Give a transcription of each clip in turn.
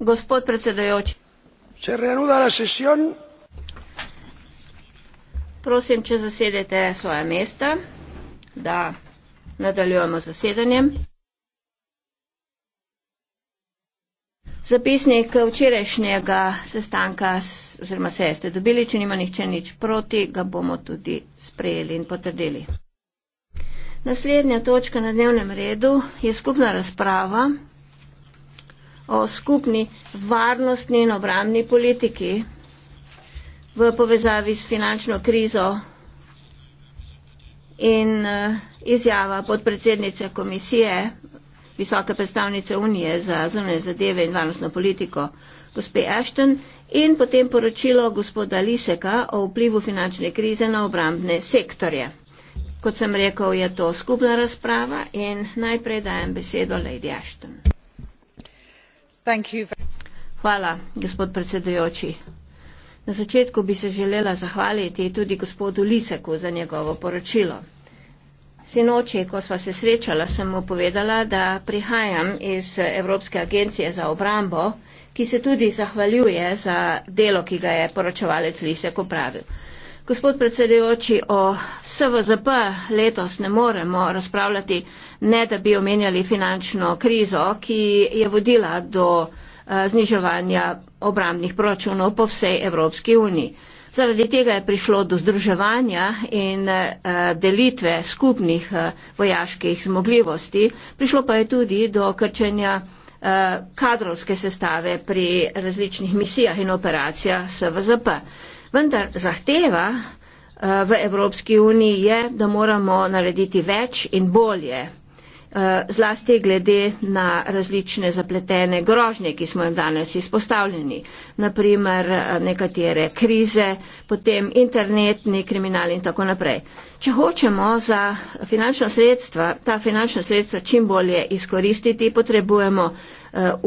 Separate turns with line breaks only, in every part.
gospod predsedujoči se reanuda
la sesión
prosim če zasedete svoja mesta da nadaljujemo z zasedanjem Zapisnik včerajšnjega sestanka oziroma seje ste dobili, če nima nihče nič proti, ga bomo tudi sprejeli in potrdili. Naslednja točka na dnevnem redu je skupna razprava o skupni varnostni in obramni politiki v povezavi s finančno krizo in eh, izjava podpredsednice komisije, visoke predstavnice Unije za zunanje zadeve in varnostno politiko, gospe Ashton, in potem poročilo gospoda Liseka o vplivu finančne krize na obrambne sektorje. Kot sem rekel, je to skupna razprava in najprej dajem besedo Lady Ashton. Hvala, gospod predsedujoči. Na začetku bi se želela zahvaliti tudi gospodu Liseku za njegovo poročilo. Sinoči, ko sva se srečala, sem mu povedala, da prihajam iz Evropske agencije za obrambo, ki se tudi zahvaljuje za delo, ki ga je poročevalec Lisek opravil. Gospod predsedujoči, o SVZP letos ne moremo razpravljati, ne da bi omenjali finančno krizo, ki je vodila do eh, zniževanja obramnih proračunov po vsej Evropski uniji. Zaradi tega je prišlo do združevanja in eh, delitve skupnih eh, vojaških zmogljivosti, prišlo pa je tudi do krčenja kadrovske sestave pri različnih misijah in operacijah SVZP. Vendar zahteva eh, v Evropski uniji je, da moramo narediti več in bolje. Eh, zlasti glede na različne zapletene grožnje, ki smo jim danes izpostavljeni, naprimer eh, nekatere krize, potem internetni kriminal in tako naprej. Če hočemo za finančna sredstva, ta finančna sredstva čim bolje izkoristiti, potrebujemo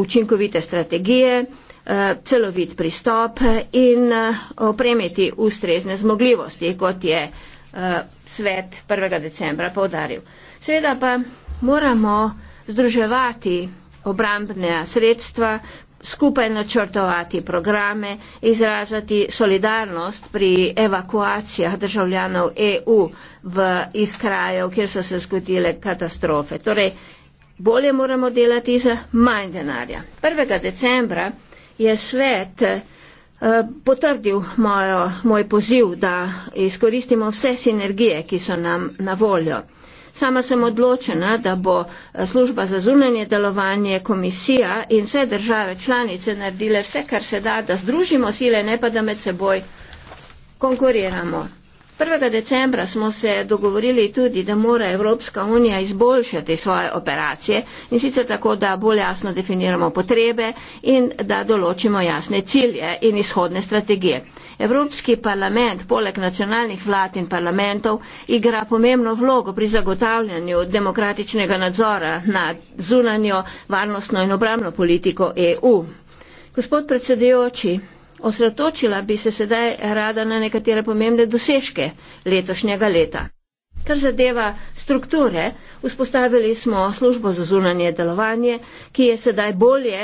učinkovite strategije, Eh, celovit pristop in eh, opremiti ustrezne zmogljivosti, kot je eh, svet 1. decembra povdaril. Seveda pa moramo združevati obrambne sredstva, skupaj načrtovati programe, izražati solidarnost pri evakuacijah državljanov EU v iz krajev, kjer so se zgodile katastrofe. Torej, bolje moramo delati za manj denarja. 1. decembra je svet eh, potrdil mojo, moj poziv, da izkoristimo vse sinergije, ki so nam na voljo. Sama sem odločena, da bo eh, služba za zunanje delovanje, komisija in vse države članice naredile vse, kar se da, da združimo sile, ne pa da med seboj konkuriramo. 1. decembra smo se dogovorili tudi, da mora Evropska unija izboljšati svoje operacije in sicer tako, da bolj jasno definiramo potrebe in da določimo jasne cilje in izhodne strategije. Evropski parlament poleg nacionalnih vlad in parlamentov igra pomembno vlogo pri zagotavljanju demokratičnega nadzora nad zunanjo varnostno in obramno politiko EU. Gospod predsedujoči, Osredotočila bi se sedaj rada na nekatere pomembne dosežke letošnjega leta. Kar zadeva strukture, vzpostavili smo službo za zunanje delovanje, ki je sedaj bolje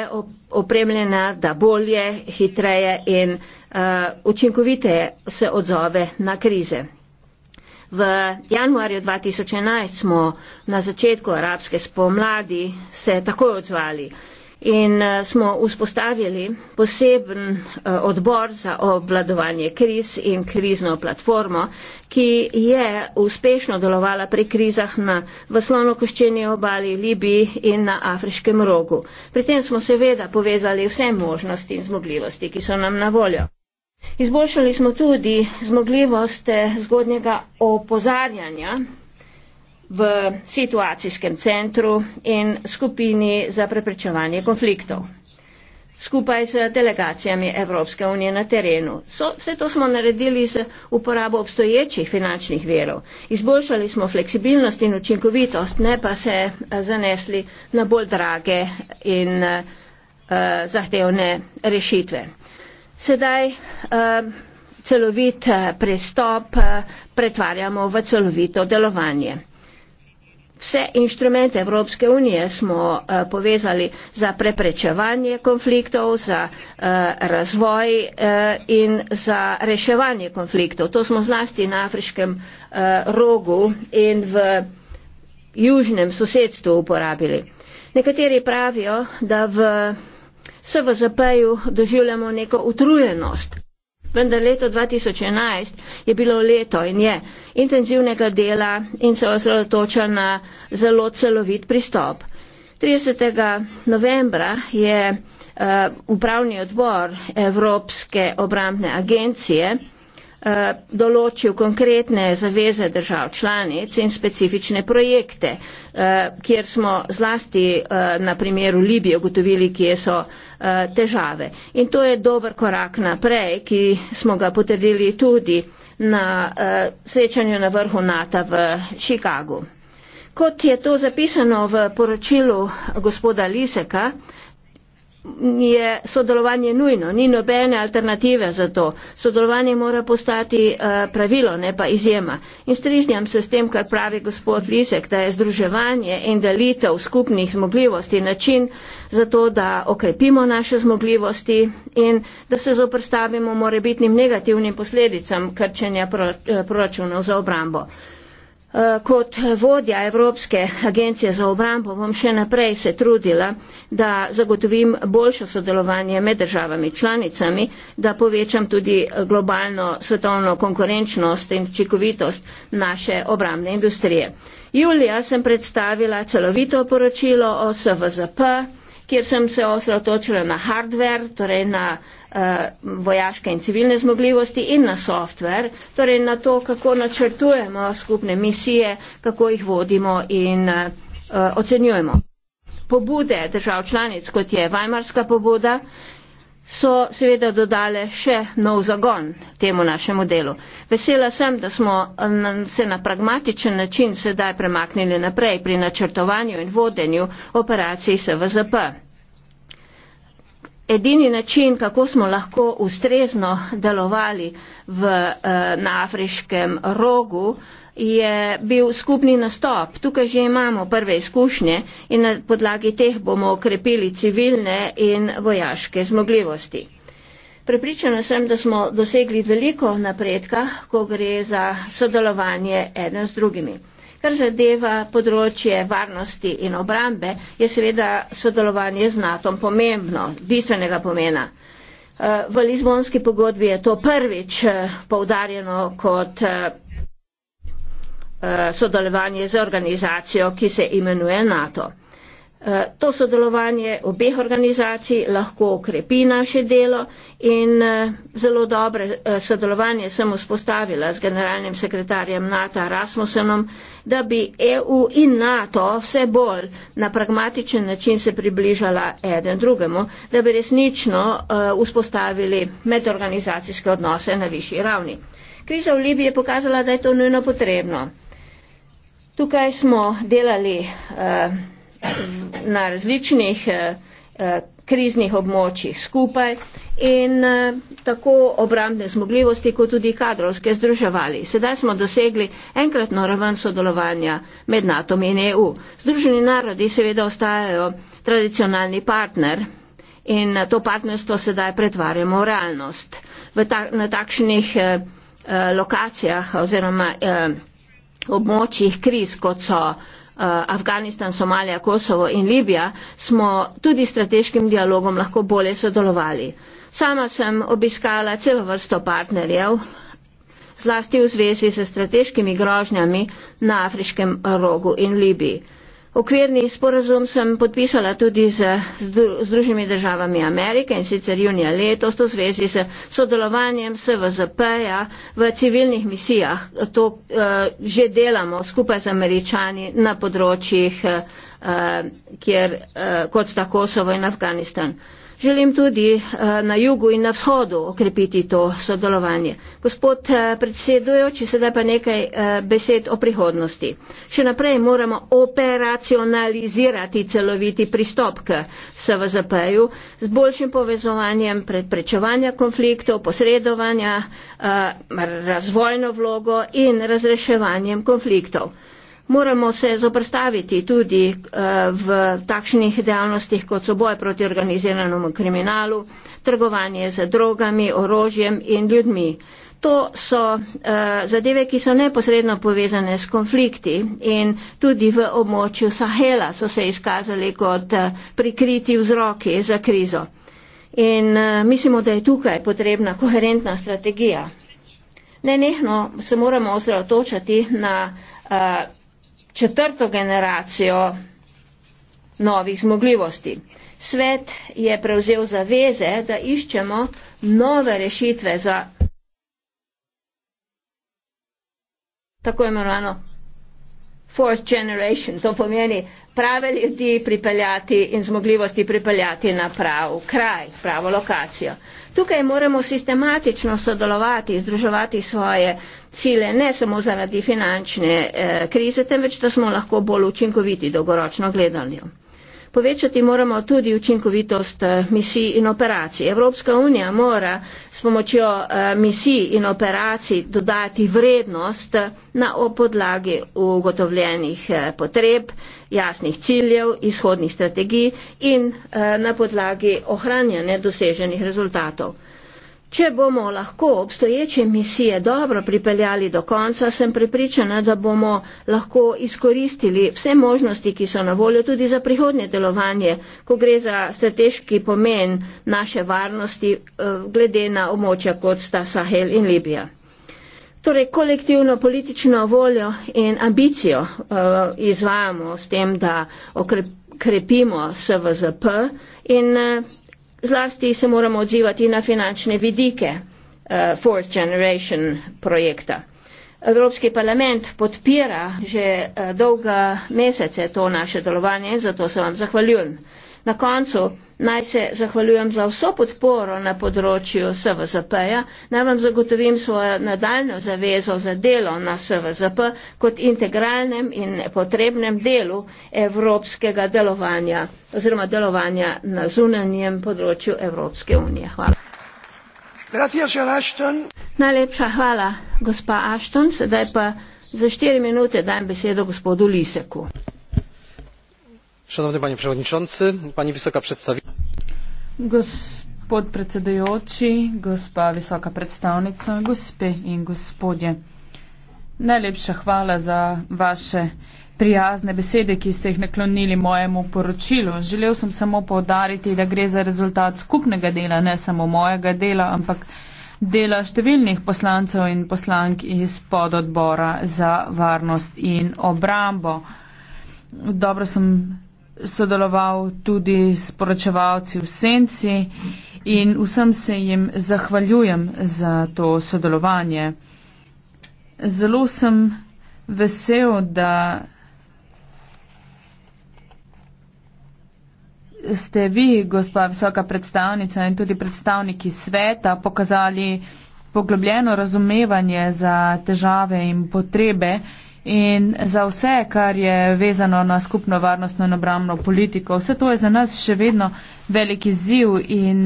opremljena, da bolje, hitreje in uh, učinkoviteje se odzove na krize. V januarju 2011 smo na začetku arabske spomladi se takoj odzvali in eh, smo vzpostavili poseben eh, odbor za obvladovanje kriz in krizno platformo, ki je uspešno delovala pri krizah na Vaslovno koščeni obali, Libiji in na Afriškem rogu. Pri tem smo seveda povezali vse možnosti in zmogljivosti, ki so nam na voljo. Izboljšali smo tudi zmogljivost zgodnjega opozarjanja v situacijskem centru in skupini za preprečevanje konfliktov. Skupaj z delegacijami Evropske unije na terenu. So, vse to smo naredili z uporabo obstoječih finančnih verov. Izboljšali smo fleksibilnost in učinkovitost, ne pa se eh, zanesli na bolj drage in uh, zahtevne rešitve. Sedaj uh, celovit uh, pristop uh, pretvarjamo v celovito delovanje. Vse inštrumente Evropske unije smo uh, povezali za preprečevanje konfliktov, za uh, razvoj uh, in za reševanje konfliktov. To smo zlasti na afriškem uh, rogu in v južnem sosedstvu uporabili. Nekateri pravijo, da v SVZP-ju doživljamo neko utrujenost. Vendar leto 2011 je bilo leto in je intenzivnega dela in se osredotoča na zelo celovit pristop. 30. novembra je uh, upravni odbor Evropske obrambne agencije Eh, določil konkretne zaveze držav članic in specifične projekte, eh, kjer smo zlasti eh, na primeru Libije ugotovili, kje so težave. In to je dober korak naprej, ki smo ga potrdili tudi na srečanju na vrhu NATO v Chicagu. Kot je to zapisano v poročilu gospoda Liseka, je sodelovanje nujno, ni nobene alternative za to. Sodelovanje mora postati uh, pravilo, ne pa izjema. In strižnjam se s tem, kar pravi gospod Lisek, da je združevanje in delitev skupnih zmogljivosti način za to, da okrepimo naše zmogljivosti in da se zoprstavimo morebitnim negativnim posledicam krčenja eh, proračunov za obrambo. Eh, kot vodja Evropske agencije za obrambo bom še naprej se trudila, da zagotovim boljše sodelovanje med državami članicami, da povečam tudi globalno svetovno konkurenčnost in učinkovitost naše obrambne industrije. Julija sem predstavila celovito poročilo o SVZP, kjer sem se osredotočila na hardware, torej na uh, vojaške in civilne zmogljivosti in na software, torej na to, kako načrtujemo skupne misije, kako jih vodimo in uh, ocenjujemo. Pobude držav članic, kot je Vajmarska pobuda, uh, so seveda dodale še nov zagon temu našemu delu. Vesela sem, da smo se na pragmatičen način sedaj premaknili naprej pri načrtovanju in vodenju operacij SVZP. Edini način, kako smo lahko ustrezno delovali v, eh, na afriškem rogu, je bil skupni nastop. Tukaj že imamo prve izkušnje in na podlagi teh bomo okrepili civilne in vojaške zmogljivosti. Prepričana sem, da smo dosegli veliko napredka, ko gre za sodelovanje eden z drugimi. Kar zadeva področje varnosti in obrambe, je seveda sodelovanje z NATO pomembno, bistvenega pomena. Eh, v Lizbonski pogodbi je to prvič eh, poudarjeno kot eh, Eh, sodelovanje z organizacijo, ki se imenuje NATO. Eh, to sodelovanje obeh organizacij lahko okrepi naše delo in eh, zelo dobre sodelovanje sem vzpostavila z generalnim sekretarjem NATO Rasmussenom, da bi EU in NATO vse bolj na pragmatičen način se približala eden drugemu, da bi resnično vzpostavili medorganizacijske odnose na višji ravni. Kriza v Libiji je pokazala, da je to nujno potrebno. Tukaj smo delali eh, na različnih eh, eh, kriznih območjih skupaj in tako obrambne zmogljivosti, kot tudi kadrovske združevali. Sedaj smo dosegli enkratno raven sodelovanja med NATO in EU. Združeni narodi seveda ostajajo tradicionalni partner in to partnerstvo sedaj pretvarjamo v realnost. V ta, na takšnih eh, lokacijah oziroma eh, območjih kriz, kot so uh, Afganistan, Somalija, Kosovo in Libija, smo tudi strateškim dialogom lahko bolje sodelovali. Sama sem obiskala celo vrsto partnerjev, zlasti v zvezi s strateškimi grožnjami na afriškem rogu in Libiji. Okvirni sporazum sem podpisala tudi z Združenimi državami Amerike in sicer junija letos v zvezi s sodelovanjem SVZP-ja v civilnih misijah. To uh, že delamo skupaj z američani na področjih, uh, kjer, uh, kot sta Kosovo in Afganistan. Uh, Želim tudi eh, na jugu in na vzhodu okrepiti to sodelovanje. Gospod eh, predsedujoči, sedaj pa nekaj eh, besed o prihodnosti. Še naprej moramo operacionalizirati celoviti pristop k SVZP-ju z boljšim povezovanjem preprečevanja konfliktov, posredovanja, razvojno vlogo in razreševanjem konfliktov. Moramo se zoprstaviti tudi eh, v takšnih dejavnostih, kot so boj proti organiziranemu kriminalu, trgovanje z drogami, orožjem in ljudmi. To so eh, zadeve, ki so neposredno povezane s konflikti in tudi v območju Sahela so se izkazali kot eh, prikriti vzroki za krizo. In mislimo, da je tukaj potrebna koherentna strategija. Nenehno se moramo osredotočati na četrto generacijo novih zmogljivosti. Svet je prevzel zaveze, da iščemo nove rešitve za tako imenovano fourth generation, to pomeni prave ljudi pripeljati in zmogljivosti pripeljati na prav kraj, pravo lokacijo. Tukaj moramo sistematično sodelovati, združevati svoje cilje, ne samo zaradi finančne eh, krize, temveč da smo lahko bolj učinkoviti dolgoročno gledanju. Povečati moramo tudi učinkovitost eh, misij in operacij. Evropska unija mora s pomočjo eh, misij in operacij dodati vrednost eh, na opodlagi ugotovljenih potreb, jasnih ciljev, izhodnih strategij in na podlagi ohranjanja doseženih rezultatov. Če bomo lahko obstoječe misije dobro pripeljali do konca, sem prepričana, da bomo lahko izkoristili vse možnosti, ki so na voljo tudi za prihodnje delovanje, ko gre za strateški pomen naše varnosti eh, glede na območja kot sta Sahel in Libija. Torej, kolektivno politično voljo in ambicijo eh, izvajamo s tem, da okrepimo SVZP in eh, Zlasti se moramo odzivati na finančne vidike uh, Fourth Generation projekta. Evropski parlament podpira že uh, dolga mesece to naše delovanje in zato se vam zahvaljujem. Na koncu naj se zahvaljujem za vso podporo na področju SVZP-ja, naj vam zagotovim svojo nadaljno zavezo za delo na SVZP kot integralnem in potrebnem delu evropskega delovanja oziroma delovanja na zunanjem področju Evropske unije.
Hvala.
Najlepša hvala, gospa Ashton. Sedaj pa za štiri minute dajem besedo gospodu Liseku
szanowny panie przewodniczący pani wysoka przedstawiciel
Gospod predsedujoči, gospa visoka predstavnica, gospe in gospodje. Najlepša hvala za vaše prijazne besede, ki ste jih naklonili mojemu poročilu. Želel sem samo povdariti, da gre za rezultat skupnega dela, ne samo mojega dela, ampak dela številnih poslancev in poslank iz pododbora za varnost in obrambo. Dobro sem sodeloval tudi s poročevalci v Senci in vsem se jim zahvaljujem za to sodelovanje. Zelo sem vesel, da ste vi, gospa visoka predstavnica in tudi predstavniki sveta, pokazali poglobljeno razumevanje za težave in potrebe, in za vse, kar je vezano na skupno varnostno in obramno politiko. Vse to je za nas še vedno veliki ziv in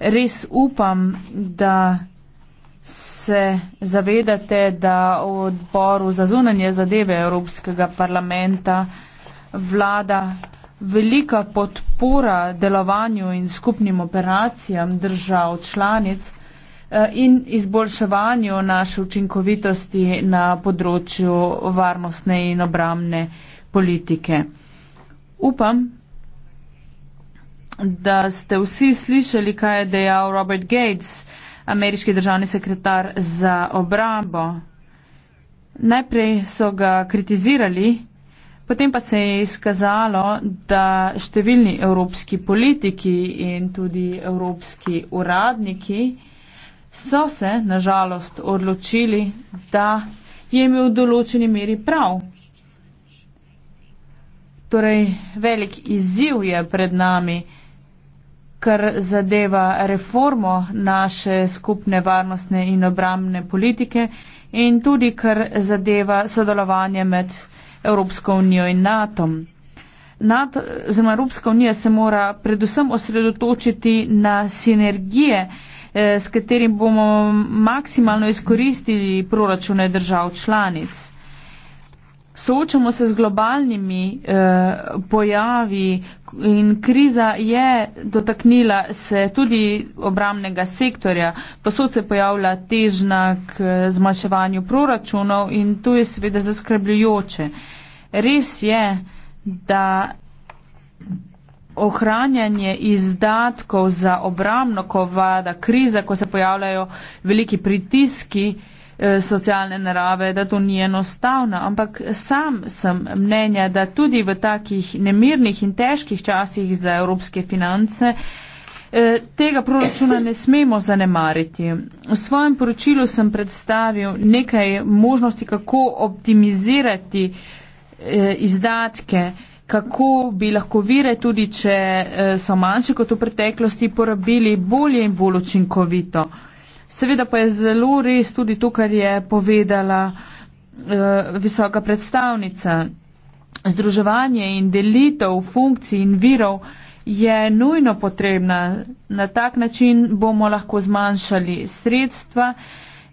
res upam, da se zavedate, da v odboru za zunanje zadeve Evropskega parlamenta vlada velika podpora delovanju in skupnim operacijam držav članic. Eh, in izboljševanju naše učinkovitosti na področju varnostne in obramne politike. Upam, da ste vsi slišali, kaj je dejal Robert Gates, ameriški državni sekretar za obrambo. Najprej so ga kritizirali, potem pa se je izkazalo, da številni evropski politiki in tudi evropski uradniki so se nažalost odločili, da je imel v določeni meri prav. Torej, velik izziv je pred nami, kar zadeva reformo naše skupne varnostne in obramne politike in tudi kar zadeva sodelovanje med Evropsko unijo in NATO. NATO Evropska unija se mora predvsem osredotočiti na sinergije, Eh, s katerim bomo maksimalno izkoristili proračune držav članic. Soočamo se z globalnimi eh, pojavi in kriza je dotaknila se tudi obramnega sektorja. Posod se pojavlja težna k eh, zmanjševanju proračunov in to je seveda zaskrbljujoče. Res je, da ohranjanje izdatkov za obramno, ko vada kriza, ko se pojavljajo veliki pritiski eh, socialne narave, da to ni enostavno, ampak sam sem mnenja, da tudi v takih nemirnih in težkih časih za evropske finance eh, tega proračuna ne smemo zanemariti. V svojem poročilu sem predstavil nekaj možnosti, kako optimizirati eh, izdatke kako bi lahko vire, tudi če eh, so manjše kot v preteklosti, porabili bolje in bolj učinkovito. Seveda pa je zelo res tudi to, kar je povedala eh, visoka predstavnica. Združevanje in delitev funkcij in virov je nujno potrebna. Na tak način bomo lahko zmanjšali sredstva,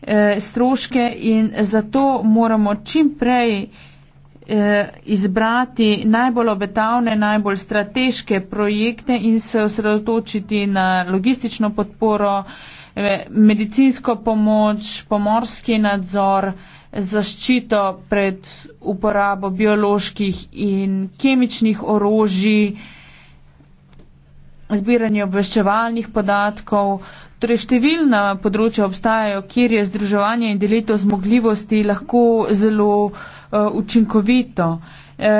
eh, stroške in zato moramo čim prej Eh, izbrati najbolj obetavne, najbolj strateške projekte in se osredotočiti na logistično podporo, eh, medicinsko pomoč, pomorski nadzor, zaščito pred uporabo bioloških in kemičnih orožij, zbiranje obveščevalnih podatkov, Torej, številna področja obstajajo, kjer je združevanje in delitev zmogljivosti lahko zelo uh, učinkovito. E,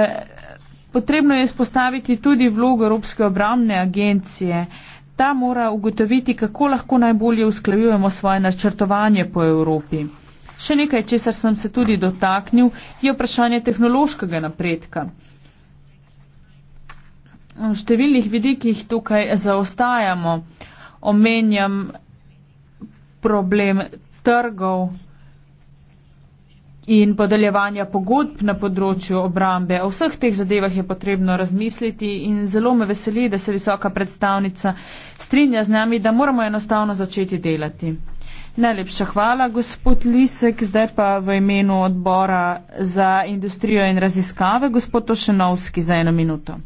potrebno je spostaviti tudi vlogo Evropske obramne agencije. Ta mora ugotoviti, kako lahko najbolje usklajujemo svoje načrtovanje po Evropi. Še nekaj, česar sem se tudi dotaknil, je vprašanje tehnološkega napredka. V številnih vidikih tukaj zaostajamo omenjam problem trgov in podeljevanja pogodb na področju obrambe. O vseh teh zadevah je potrebno razmisliti in zelo me veseli, da se visoka predstavnica strinja z nami, da moramo enostavno začeti delati. Najlepša hvala, gospod Lisek. Zdaj pa v imenu odbora za industrijo in raziskave, gospod Ošenovski, za eno minuto.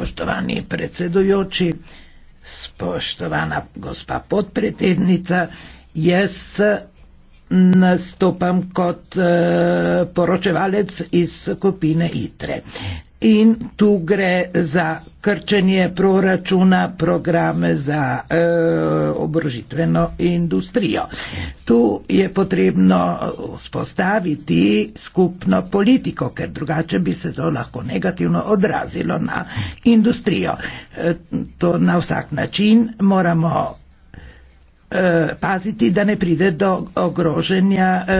Poštovani predsedujoči, Spoštovana gospa podpredsednica, jaz nastopam kot uh, poročevalec iz skupine ITRE in tu gre za krčenje proračuna, programe za e, eh, obrožitveno industrijo. Tu je potrebno spostaviti eh, skupno politiko, ker drugače bi se to lahko negativno odrazilo na industrijo. E, to na vsak način moramo Eh, paziti, da ne pride do ogroženja e,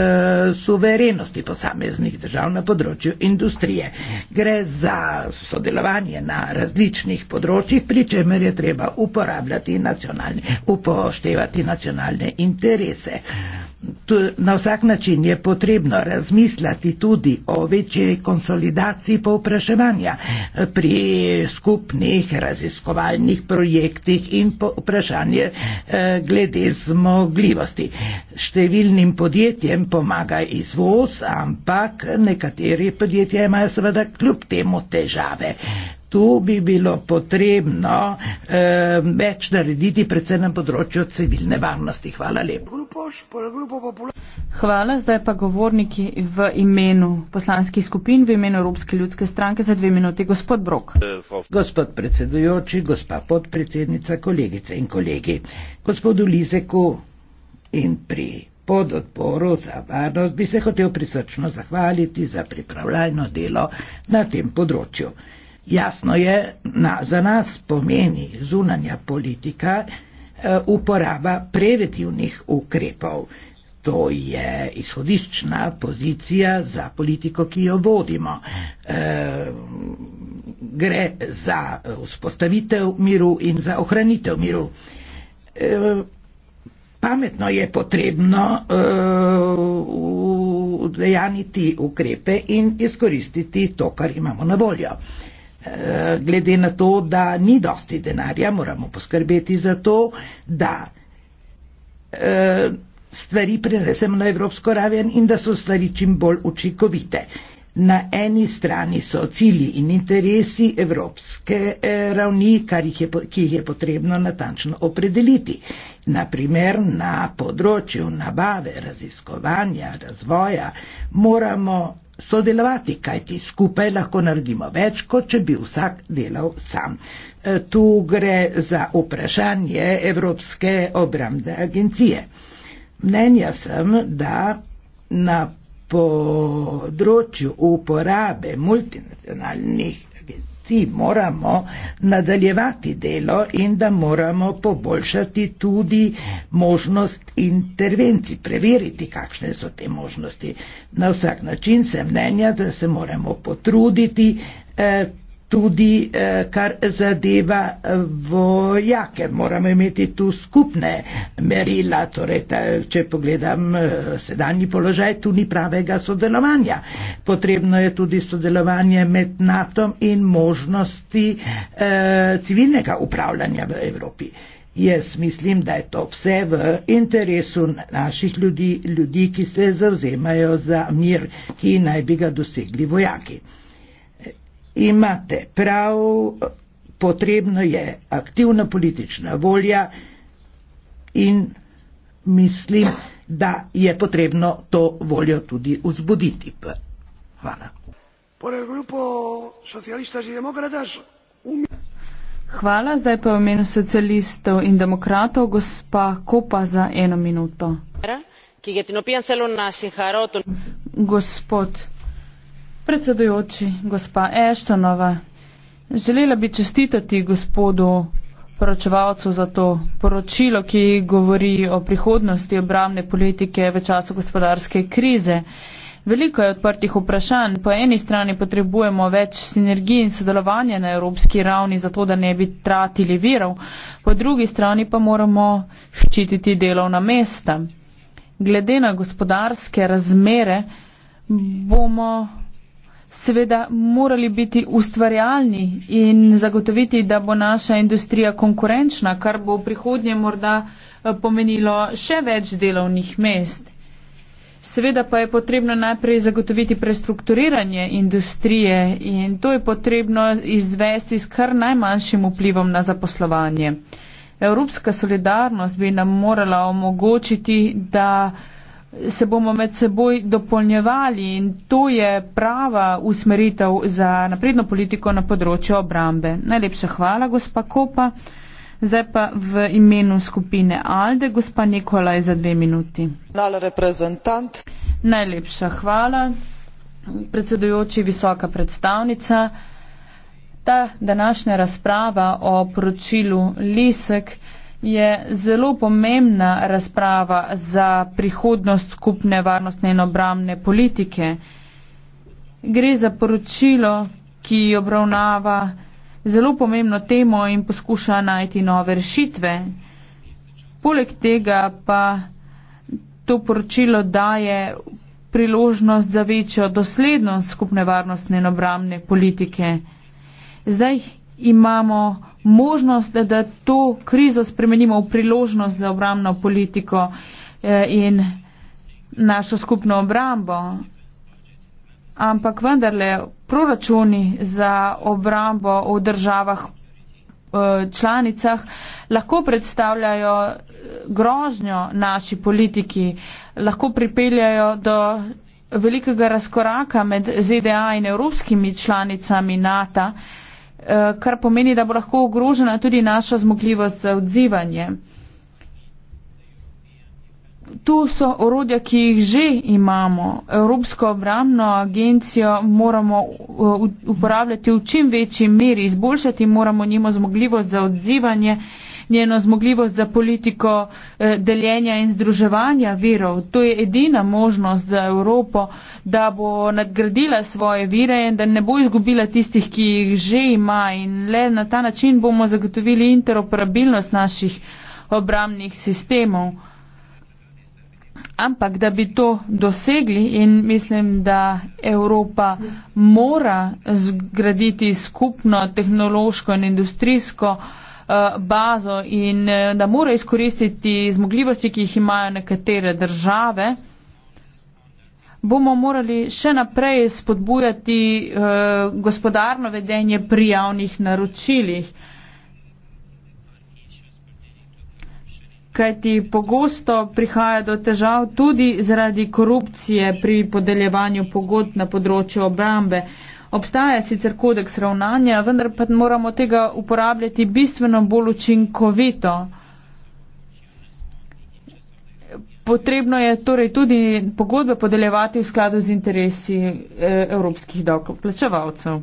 eh, suverenosti posameznih držav na področju industrije. Gre za sodelovanje na različnih področjih, pri čemer je treba uporabljati nacionalne, upoštevati nacionalne interese. Tu, na vsak način je potrebno razmisljati tudi o večji konsolidaciji povpraševanja eh, pri skupnih raziskovalnih projektih in vprašanje e, glede zmogljivosti. Številnim podjetjem pomaga izvoz, ampak nekateri podjetja imajo seveda kljub temu težave. Tu bi bilo potrebno eh, več narediti, predvsem na področju civilne varnosti. Hvala lepa.
Hvala, zdaj pa govorniki v imenu poslanskih skupin, v imenu Evropske ljudske stranke za dve minuti. Gospod Brok.
Gospod predsedujoči, gospa podpredsednica, kolegice in kolegi. Gospodu Lizeku in pri pododporu za varnost bi se hotel prisrčno zahvaliti za pripravljalno delo na tem področju. Jasno je, na, za nas pomeni zunanja politika eh, uporaba preventivnih ukrepov. To je izhodiščna pozicija za politiko, ki jo vodimo. E, gre za vzpostavitev miru in za ohranitev miru. E, pametno je potrebno e, dejaniti ukrepe in izkoristiti to, kar imamo na voljo. E, Eh, glede na to, da ni dosti denarja, moramo poskrbeti za to, da eh, stvari prenesemo na evropsko raven in da so stvari čim bolj učinkovite. Na eni strani so cilji in interesi evropske eh, ravni, jih je, ki jih je potrebno natančno opredeliti. Naprimer, na področju nabave, raziskovanja, razvoja moramo sodelovati, kajti skupaj lahko naredimo več, kot če bi vsak delal sam. E, tu gre za vprašanje Evropske obramne agencije. Mnenja sem, da na področju uporabe multinacionalnih oblasti moramo nadaljevati delo in da moramo poboljšati tudi možnost intervencij, preveriti, kakšne so te možnosti. Na vsak način sem mnenja, da se moramo potruditi. Eh, tudi eh, kar zadeva eh, vojake. Moramo imeti tu skupne merila, torej ta, če pogledam eh, sedanji položaj, tu ni pravega sodelovanja. Potrebno je tudi sodelovanje med NATO in možnosti eh, civilnega upravljanja v Evropi. Jaz mislim, da je to vse v interesu naših ljudi, ljudi, ki se zavzemajo za mir, ki naj bi ga dosegli vojaki. Imate prav, potrebno je aktivna politična volja in mislim, da je potrebno to voljo tudi vzbuditi. Hvala.
Hvala, zdaj pa v imenu socialistov in demokratov, gospa Kopa za eno minuto. No Gospod Predsedujoči, gospa Eštonova, želela bi čestitati gospodu poročevalcu za to poročilo, ki govori o prihodnosti obramne politike v času gospodarske krize. Veliko je odprtih vprašanj. Po eni strani potrebujemo več sinergij in sodelovanja na evropski ravni, zato da ne bi tratili virov, po drugi strani pa moramo ščititi delovna mesta. Glede na gospodarske razmere bomo seveda morali biti ustvarjalni in zagotoviti, da bo naša industrija konkurenčna, kar bo v prihodnje morda eh, pomenilo še več delovnih mest. Seveda pa je potrebno najprej zagotoviti prestrukturiranje industrije in to je potrebno izvesti s kar najmanjšim vplivom na zaposlovanje. Evropska solidarnost bi nam morala omogočiti, da se bomo med seboj dopolnjevali in to je prava usmeritev za napredno politiko na področju obrambe. Najlepša hvala, gospa Kopa. Zdaj pa v imenu skupine Alde, gospa Nikolaj, za dve minuti. Najlepša hvala, predsedujoči visoka predstavnica. Ta današnja razprava o poročilu Lisek je zelo pomembna razprava za prihodnost skupne varnostne in obramne politike. Gre za poročilo, ki obravnava zelo pomembno temo in poskuša najti nove rešitve. Poleg tega pa to poročilo daje priložnost za večjo doslednost skupne varnostne in obramne politike. Zdaj imamo možnost, da, da to krizo spremenimo v priložnost za obramno politiko eh, in našo skupno obrambo. Ampak vendarle, proračuni za obrambo v državah eh, članicah lahko predstavljajo eh, grožnjo naši politiki, lahko pripeljajo do velikega razkoraka med ZDA in evropskimi članicami NATO. Eh, kar pomeni, da bo lahko ogrožena tudi naša zmogljivost za odzivanje. Tu so orodja, ki jih že imamo. Evropsko obramno agencijo moramo eh, uporabljati v čim večji meri, izboljšati moramo njimo zmogljivost za odzivanje. Uh, njeno zmogljivost za politiko eh, deljenja in združevanja virov. To je edina možnost za Evropo, da bo nadgradila svoje vire in da ne bo izgubila tistih, ki jih že ima. In le na ta način bomo zagotovili interoperabilnost naših obramnih sistemov. Ampak, da bi to dosegli in mislim, da Evropa mora zgraditi skupno tehnološko in industrijsko uh, Eh, bazo in eh, da mora izkoristiti zmogljivosti, ki jih imajo nekatere države, bomo morali še naprej spodbujati eh, gospodarno vedenje pri javnih naročilih. kajti pogosto prihaja do težav tudi zaradi korupcije pri podeljevanju pogod na področju obrambe. Uh, Obstaja sicer kodeks ravnanja, vendar pa moramo tega uporabljati bistveno bolj učinkovito. Potrebno je torej tudi pogodbe podeljevati v skladu z interesi eh, evropskih davkoplačevalcev.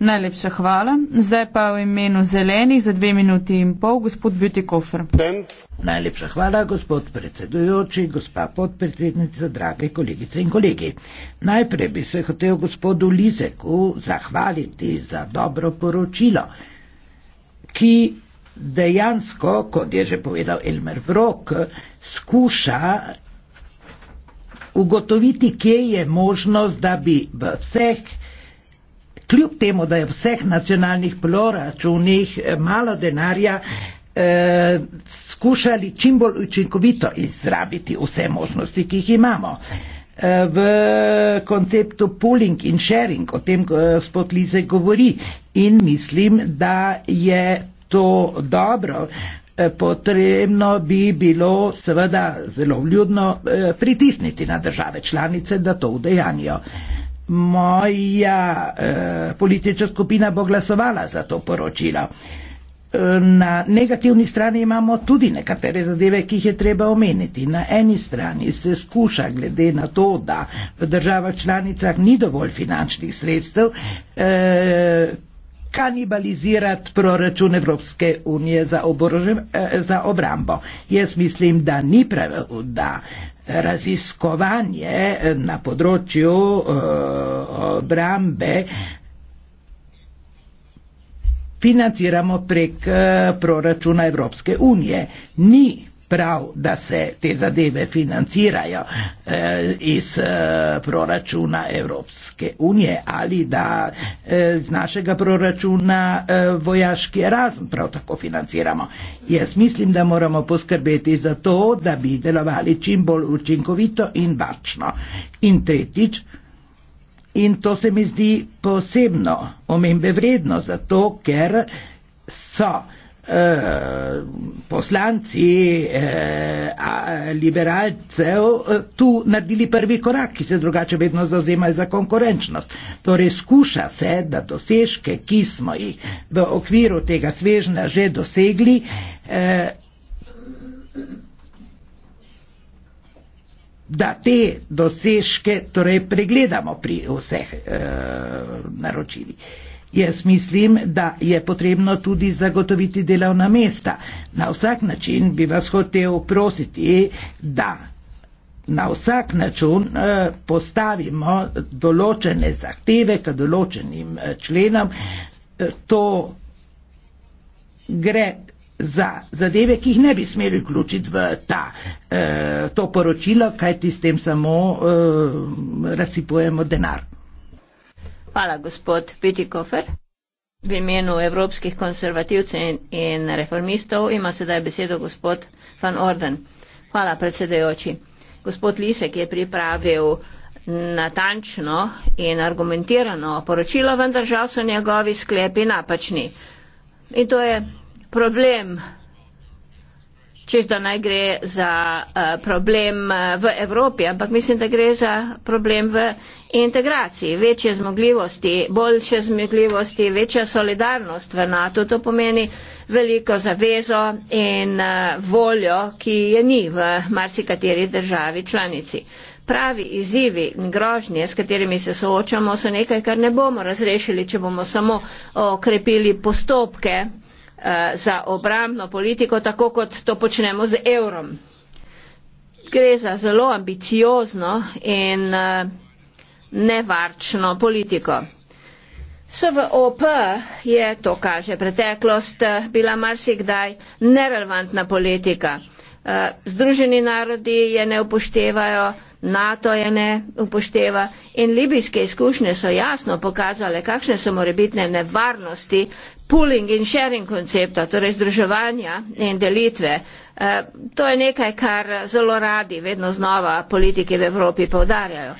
Najlepša hvala. Zdaj pa v imenu zelenih
za dve minuti in pol gospod Bütikofer. Najlepša hvala, gospod predsedujoči, gospa podpredsednica, drage kolegice in kolegi. Najprej bi se hotel gospodu Lizeku zahvaliti za dobro poročilo, ki dejansko, kot je že povedal Elmer Brok, skuša ugotoviti, kje je možnost, da bi v vseh kljub temu, da je v vseh nacionalnih proračunih eh, malo denarja, eh, skušali čim bolj učinkovito izrabiti vse možnosti, ki jih imamo. Eh, v konceptu pooling in sharing, o tem eh, gospod Lize govori in mislim, da je to dobro, potrebno bi bilo seveda zelo vljudno pritisniti na države članice, da to udejanjajo. Moja eh, politična skupina bo glasovala za to poročilo. E, na negativni strani imamo tudi nekatere zadeve, ki jih je treba omeniti. Na eni strani se skuša, glede na to, da v državah članicah ni dovolj finančnih sredstev, eh, kanibalizirati proračun Evropske unije za, oborožen, eh, za obrambo. Jaz mislim, da ni prav, da eh, raziskovanje na področju uh, obrambe financiramo prek uh, proračuna Evropske unije. Ni prav, da se te zadeve financirajo eh, iz eh, proračuna Evropske unije ali da eh, iz našega proračuna eh, vojaški razm prav tako financiramo. Jaz mislim, da moramo poskrbeti za to, da bi delovali čim bolj učinkovito in varčno. In tretjič, in to se mi zdi posebno omembe vredno zato, ker so Eh, poslanci eh, liberalcev eh, tu naredili prvi korak, ki se drugače vedno zauzemajo za konkurenčnost. Torej, skuša se, da dosežke, ki smo jih v okviru tega svežna že dosegli, eh, da te dosežke torej, pregledamo pri vseh eh, naročilih. Jaz mislim, da je potrebno tudi zagotoviti delovna mesta. Na vsak način bi vas hotel prositi, da na vsak način eh, postavimo določene zahteve k določenim eh, členom. Eh, to gre za zadeve, ki jih ne bi smeli vključiti v ta, to poročilo, kajti s tem samo razsipujemo denar.
Hvala, gospod Pitikofer. V imenu evropskih konservativcev in, in reformistov ima sedaj besedo gospod Van Orden. Hvala, predsedajoči. Gospod Lisek je pripravil natančno in argumentirano poročilo, vendar žal so njegovi sklepi napačni. In to je problem, čež da naj gre za eh, problem eh, v Evropi, ampak mislim, da gre za problem v integraciji, večje zmogljivosti, boljše zmogljivosti, večja solidarnost v NATO. To pomeni veliko zavezo in eh, voljo, ki je ni v marsikateri državi članici. Pravi izzivi in grožnje, s katerimi se soočamo, so nekaj, kar ne bomo razrešili, če bomo samo okrepili postopke eh, za obrambno politiko, tako kot to počnemo z evrom. Gre za zelo ambiciozno in eh, nevarčno politiko. SVOP je, to kaže preteklost, bila marsikdaj nerelevantna politika. Eh, Združeni narodi je ne upoštevajo, NATO je ne upošteva in libijske izkušnje so jasno pokazale, kakšne so morebitne nevarnosti pooling in sharing koncepta, torej združevanja in delitve. Eh, to je nekaj, kar zelo radi vedno znova politike v Evropi povdarjajo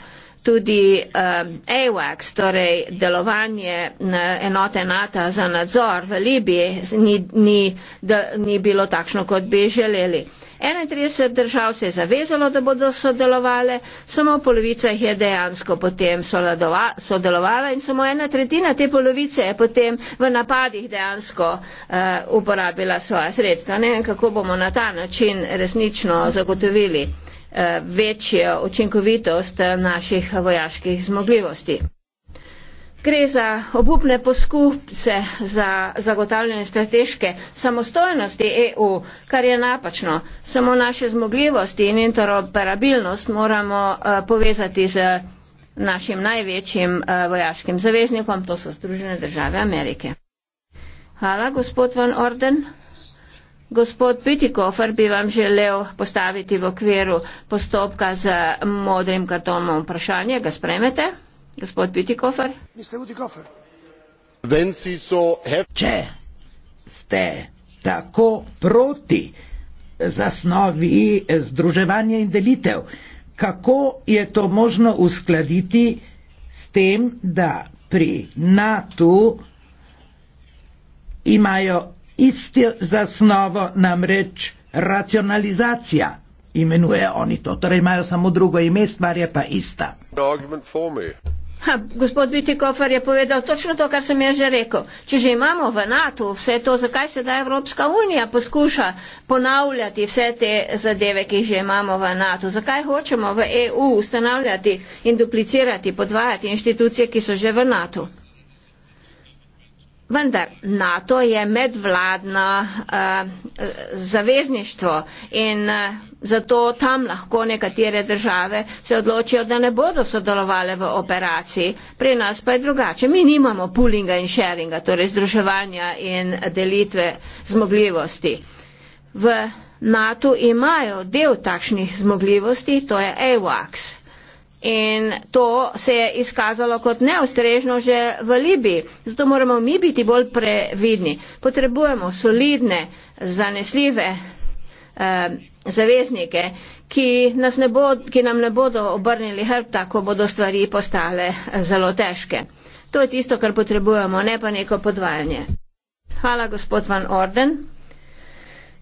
tudi uh, um, AWACS, torej delovanje uh, enote NATO za nadzor v Libiji, ni, ni, da, ni bilo takšno, kot bi želeli. 31 držav se je zavezalo, da bodo sodelovali, samo polovica jih je dejansko potem sodelovala in samo ena tretjina te polovice je potem v napadih dejansko uh, uporabila svoja sredstva. Ne vem, kako bomo na ta način resnično zagotovili. Eh, večjo učinkovitost eh, naših vojaških zmogljivosti. Gre za obupne poskuse za zagotavljanje strateške samostojnosti EU, kar je napačno. Samo naše zmogljivosti in interoperabilnost moramo eh, povezati z našim največjim vojaškim zaveznikom, to so Združene države Amerike. Hvala, gospod Van Orden. Gospod Pitikofer bi vam želel postaviti v okviru postopka z modrim kartonom vprašanje. Ga spremete? Gospod Pitikofer?
Če ste tako proti zasnovi združevanja in delitev, kako je to možno uskladiti s tem, da pri NATO imajo Isto zasnovo nam reč racionalizacija imenuje oni to, torej imajo samo drugo ime, stvar je pa ista.
Ha, gospod Bitikofer je povedal točno to, kar sem jaz že rekel. Če že imamo v NATO vse to, zakaj se da Evropska unija poskuša ponavljati vse te zadeve, ki že imamo v NATO, zakaj hočemo v EU ustanavljati in duplicirati, podvajati inštitucije, ki so že v NATO? Vendar NATO je medvladno uh, zavezništvo in uh, zato tam lahko nekatere države se odločijo, da ne bodo sodelovali v operaciji. Pri nas pa je drugače. Mi nimamo poolinga in sharinga, torej združevanja in delitve zmogljivosti. V NATO imajo del takšnih zmogljivosti, to je AWACS in to se je izkazalo kot neustrežno že v Libiji. Zato moramo mi biti bolj previdni. Potrebujemo solidne, zanesljive eh, zaveznike, ki, ne bo, ki nam ne bodo obrnili hrbta, ko bodo stvari postale zelo težke. To je tisto, kar potrebujemo, ne pa neko podvajanje. Hvala, gospod Van Orden.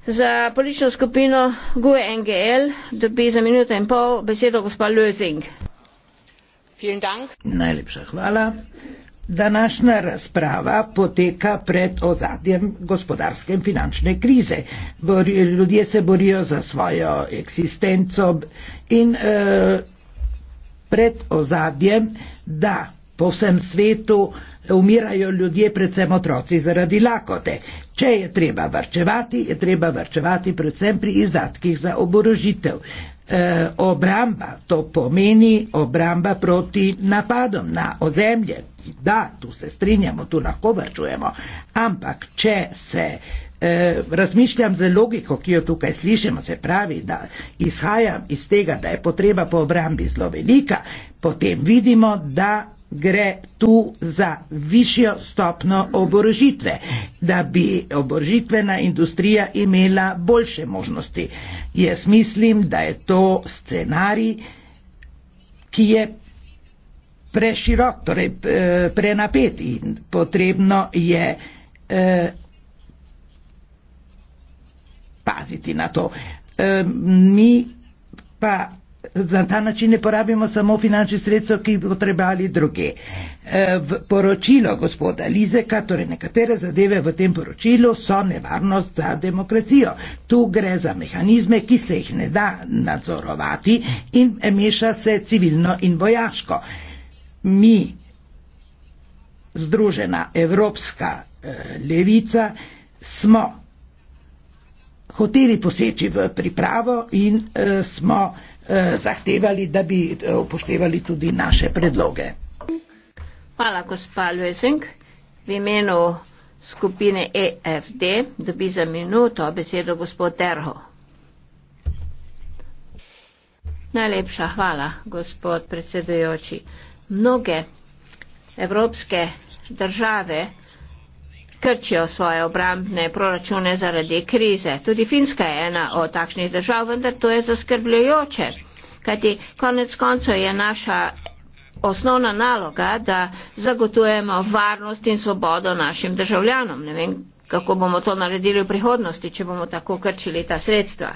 Za politično skupino GUE NGL dobi za minuto in pol besedo gospod Lüzing.
Najlepša hvala. Današnja razprava poteka pred ozadjem gospodarske in finančne krize. Borijo, ljudje se borijo za svojo eksistenco in eh, pred ozadjem, da po vsem svetu umirajo ljudje, predvsem otroci, zaradi lakote. Če je treba vrčevati, je treba vrčevati predvsem pri izdatkih za oborožitev eh, obramba, to pomeni obramba proti napadom na ozemlje. Da, tu se strinjamo, tu lahko vrčujemo, ampak če se eh, razmišljam z logiko, ki jo tukaj slišimo, se pravi, da izhajam iz tega, da je potreba po obrambi zelo velika, potem vidimo, da gre tu za višjo stopno oborožitve, da bi oborožitvena industrija imela boljše možnosti. Jaz mislim, da je to scenarij, ki je preširok, torej eh, prenapet in potrebno je eh, paziti na to. Eh, mi pa Na ta način ne porabimo samo finančnih sredstev, ki bi potrebovali druge. E, v poročilo gospoda Lizeka, torej nekatere zadeve v tem poročilu so nevarnost za demokracijo. Tu gre za mehanizme, ki se jih ne da nadzorovati in meša se civilno in vojaško. Mi, Združena Evropska e, levica, smo hoteli poseči v pripravo in e, smo Eh, zahtevali, da bi eh, upoštevali tudi naše predloge.
Hvala, gospa Lvesenk. V imenu skupine EFD dobi za minuto besedo gospod Terho. Najlepša hvala, gospod predsedujoči. Mnoge evropske države krčijo svoje obrambne proračune zaradi krize. Tudi Finska je ena od takšnih držav, vendar to je zaskrbljujoče. Kajti konec koncev je naša osnovna naloga, da zagotujemo varnost in svobodo našim državljanom. Ne vem, kako bomo to naredili v prihodnosti, če bomo tako krčili ta sredstva.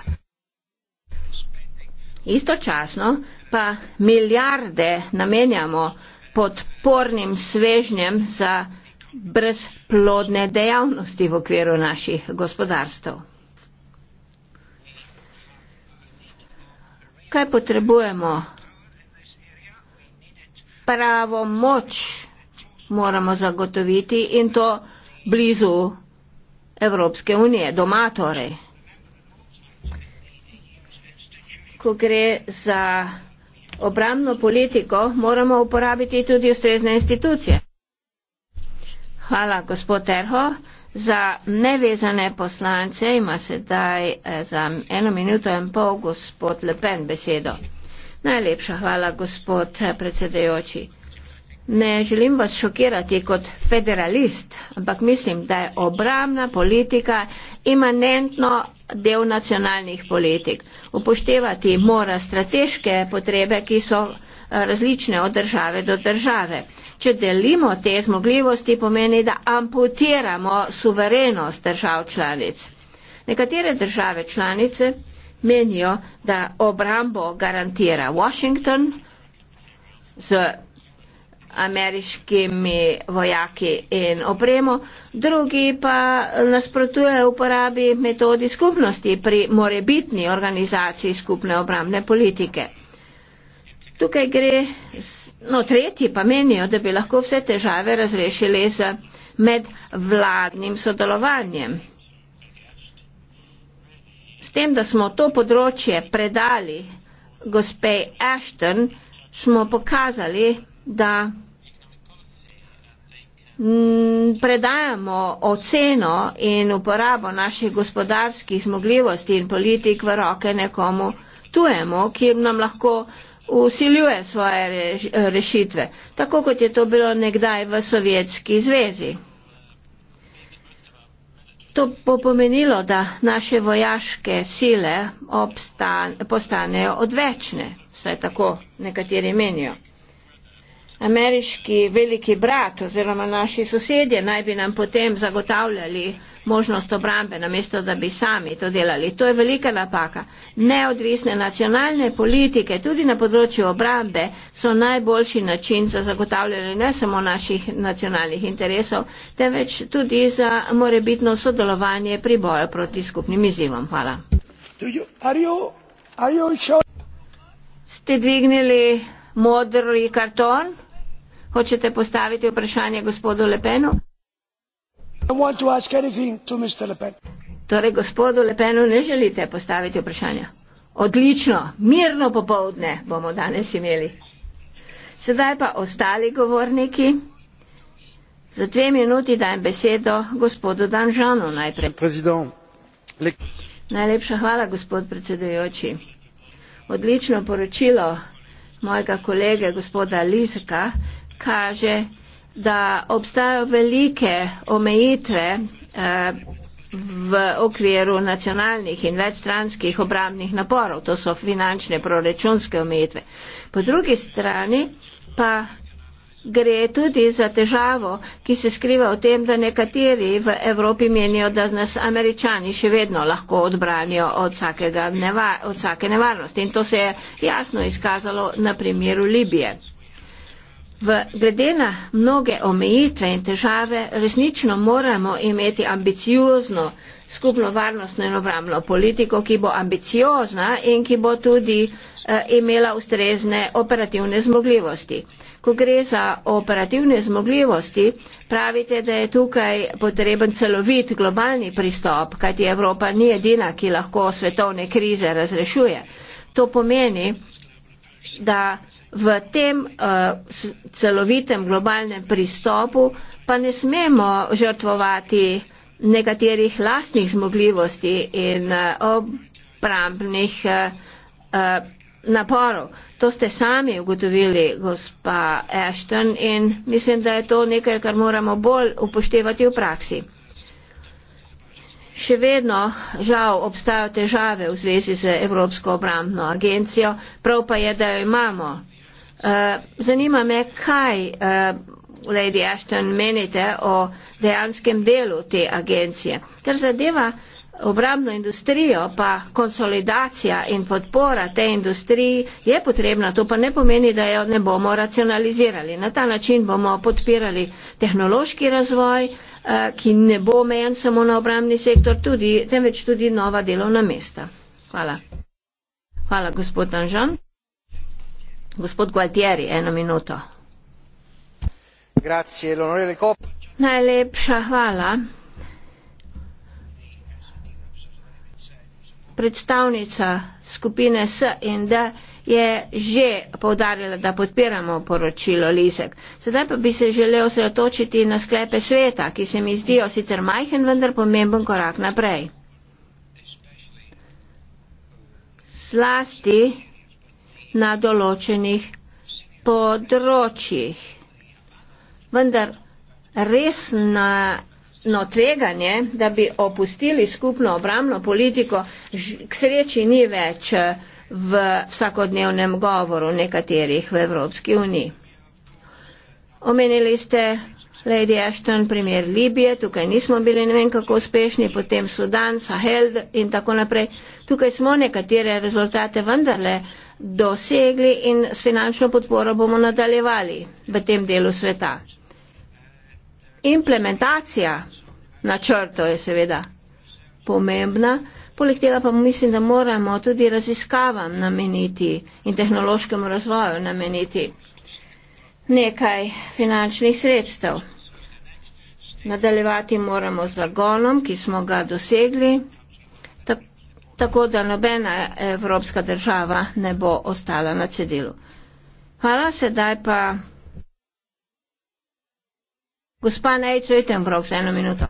Istočasno pa milijarde namenjamo podpornim svežnjem za brezplodne dejavnosti v okviru naših gospodarstv. Kaj potrebujemo? Pravo moč moramo zagotoviti in to blizu Evropske unije, doma torej. Ko gre za obramno politiko, moramo uporabiti tudi ustrezne institucije. Hvala, gospod Erho. Za nevezane poslance ima sedaj eh, za eno minuto in pol gospod Lepen besedo. Najlepša hvala, gospod eh, predsedajoči. Ne želim vas šokirati kot federalist, ampak mislim, da je obramna politika imanentno del nacionalnih politik. Upoštevati mora strateške potrebe, ki so različne od države do države. Če delimo te zmogljivosti, pomeni, da amputiramo suverenost držav članic. Nekatere države članice menijo, da obrambo garantira Washington z ameriškimi vojaki in opremo, drugi pa nasprotujejo uporabi metodi skupnosti pri morebitni organizaciji skupne obrambne politike. Tukaj gre, no, tretji pa menijo, da bi lahko vse težave razrešili z medvladnim sodelovanjem. S tem, da smo to področje predali gospe Ashton, smo pokazali, da predajamo oceno in uporabo naših gospodarskih zmogljivosti in politik v roke nekomu tujemu, ki nam lahko usiljuje svoje rešitve, tako kot je to bilo nekdaj v Sovjetski zvezi. To bo pomenilo, da naše vojaške sile obstan, postanejo odvečne, vsaj tako nekateri menijo. Ameriški veliki brat oziroma naši sosedje naj bi nam potem zagotavljali možnost obrambe, namesto da bi sami to delali. To je velika napaka. Neodvisne nacionalne politike, tudi na področju obrambe, so najboljši način za zagotavljanje ne samo naših nacionalnih interesov, temveč tudi za morebitno sodelovanje pri boju proti skupnim izzivom. Hvala. Ste dvignili modri karton? Hočete postaviti vprašanje gospodu Lepenu? Torej, gospodu Lepenu ne želite postaviti vprašanja? Odlično, mirno popovdne bomo danes imeli. Sedaj pa ostali govorniki. Za dve minuti dajem besedo gospodu Danžanu najprej. Najlepša hvala, gospod predsedujoči. Odlično poročilo mojega kolege, gospoda Lizka, kaže, da obstajajo velike omejitve eh, v okviru nacionalnih in večstranskih obramnih naporov, to so finančne proračunske omejitve. Po drugi strani pa gre tudi za težavo, ki se skriva v tem, da nekateri v Evropi menijo, da nas američani še vedno lahko odbranijo od, neva od vsake nevarnosti. In to se je jasno izkazalo na primeru Libije. V, glede na mnoge omejitve in težave, resnično moramo imeti ambiciozno skupno varnostno in obramno politiko, ki bo ambiciozna in ki bo tudi eh, imela ustrezne operativne zmogljivosti. Ko gre za operativne zmogljivosti, pravite, da je tukaj potreben celovit globalni pristop, kajti Evropa ni edina, ki lahko svetovne krize razrešuje. To pomeni, da v tem uh, celovitem globalnem pristopu pa ne smemo žrtvovati nekaterih lastnih zmogljivosti in uh, obrambnih uh, uh, naporov. To ste sami ugotovili, gospa Ashton, in mislim, da je to nekaj, kar moramo bolj upoštevati v praksi. Še vedno žal obstajajo težave v zvezi z Evropsko obrambno agencijo, prav pa je, da jo imamo. Eh, zanima me, kaj, uh, Lady Ashton, menite o dejanskem delu te agencije. Ker zadeva obrambno industrijo, pa konsolidacija in podpora te industriji je potrebna. To pa ne pomeni, da jo ne bomo racionalizirali. Na ta način bomo podpirali tehnološki razvoj, uh, ki ne bo omejen samo na obrambni sektor, tudi, temveč tudi nova delovna mesta. Hvala. Hvala, gospod Anžan. Gospod Gualtieri, eno minuto.
Grazie,
Najlepša hvala. Predstavnica skupine S in D je že povdarjala, da podpiramo poročilo Lizek. Sedaj pa bi se želel osredotočiti na sklepe sveta, ki se mi zdijo sicer majhen, vendar pomemben korak naprej. Zlasti na določenih področjih. Vendar res na No, tveganje, da bi opustili skupno obramno politiko, k sreči ni več eh, v vsakodnevnem govoru nekaterih v Evropski uniji. Omenili ste, Lady Ashton, primer Libije, tukaj nismo bili ne vem kako uspešni, potem Sudan, Sahel in tako naprej. Tukaj smo nekatere rezultate vendarle dosegli in s finančno podporo bomo nadaljevali v tem delu sveta. Implementacija na črto je seveda pomembna, poleg tega pa mislim, da moramo tudi raziskavam nameniti in tehnološkemu razvoju nameniti nekaj finančnih sredstev. Nadaljevati moramo z zagonom, ki smo ga dosegli, tako da nobena evropska država ne bo ostala na cedilu. Hvala, sedaj pa. Gospa Nejco Itenbrok, za eno minuto.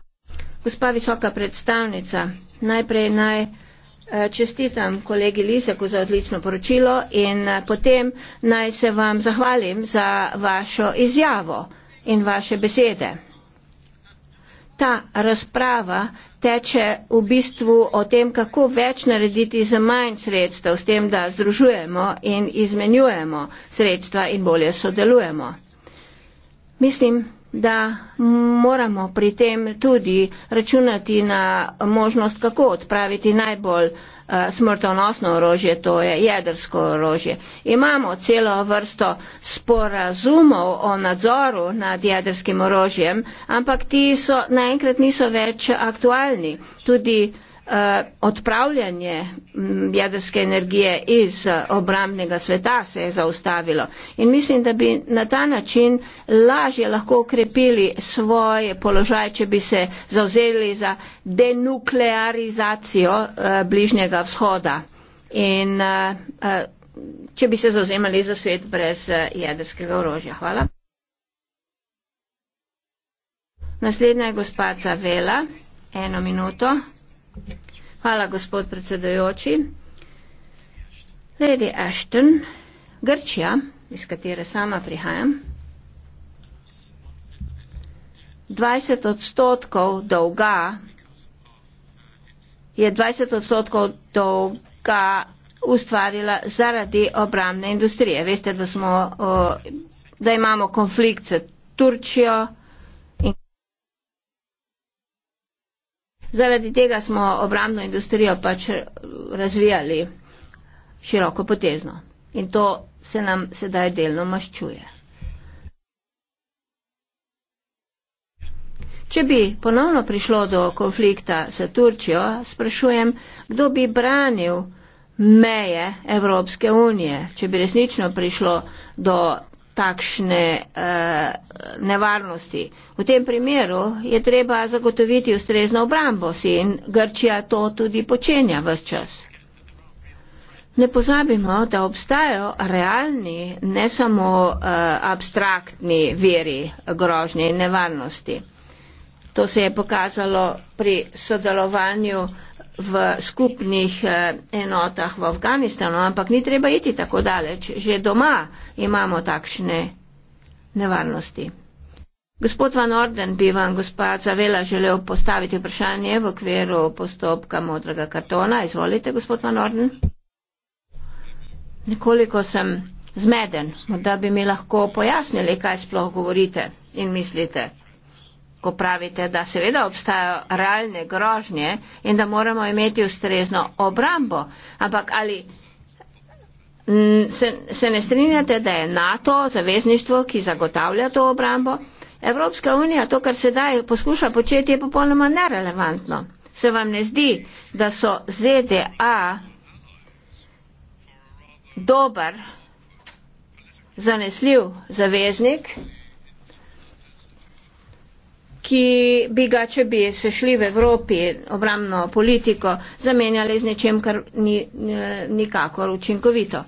Gospa visoka predstavnica, najprej naj eh, čestitam kolegi Liseku za odlično poročilo in eh, potem naj se vam zahvalim za vašo izjavo in vaše besede ta razprava teče v bistvu o tem, kako več narediti za manj sredstev, s tem, da združujemo in izmenjujemo sredstva in bolje sodelujemo. Mislim, da moramo pri tem tudi računati na možnost, kako odpraviti najbolj eh, smrtonosno orožje, to je jedrsko orožje. Imamo celo vrsto sporazumov o nadzoru nad jedrskim orožjem, ampak ti so naenkrat niso več aktualni. Tudi Eh, odpravljanje mm, jedrske energije iz eh, obramnega sveta se je zaustavilo. In mislim, da bi na ta način lažje lahko ukrepili svoj položaj, če bi se zauzeli za denuklearizacijo eh, bližnjega vzhoda. In če bi se zauzemali za svet brez jedrskega orožja. Hvala. Naslednja je gospa Cavela. Eno minuto. Hvala, gospod predsedujoči. Lady Ashton, Grčija, iz katere sama prihajam, 20 odstotkov dolga je 20 odstotkov dolga ustvarila zaradi obramne industrije. Veste, da, smo, eh, da imamo konflikt s Turčijo, Zaradi tega smo obramno industrijo pač razvijali široko potezno in to se nam sedaj delno maščuje. Če bi ponovno prišlo do konflikta s Turčijo, sprašujem, kdo bi branil meje Evropske unije, če bi resnično prišlo do takšne eh, nevarnosti. V tem primeru je treba zagotoviti ustrezno obrambo si in Grčija to tudi počenja vse čas. Ne pozabimo, da obstajajo realni, ne samo eh, abstraktni veri grožnje in nevarnosti. To se je pokazalo pri sodelovanju eh, v skupnih eh, enotah v Afganistanu, ampak ni treba iti tako daleč. Že doma imamo takšne nevarnosti. Gospod Van Orden bi vam, gospa Cavela, želel postaviti vprašanje v okviru postopka modrega kartona. Izvolite, gospod Van Orden. Nekoliko sem zmeden, da bi mi lahko pojasnili, kaj sploh govorite in mislite ko pravite, da seveda obstajajo realne grožnje in da moramo imeti ustrezno obrambo. Ampak ali se, se ne strinjate, da je NATO zavezništvo, ki zagotavlja to obrambo? Evropska unija, to, kar sedaj poskuša početi, je popolnoma nerelevantno. Se vam ne zdi, da so ZDA dober, zanesljiv zaveznik? ki bi ga, če bi se šli v Evropi obramno politiko, zamenjali z nečem, kar ni nikakor učinkovito.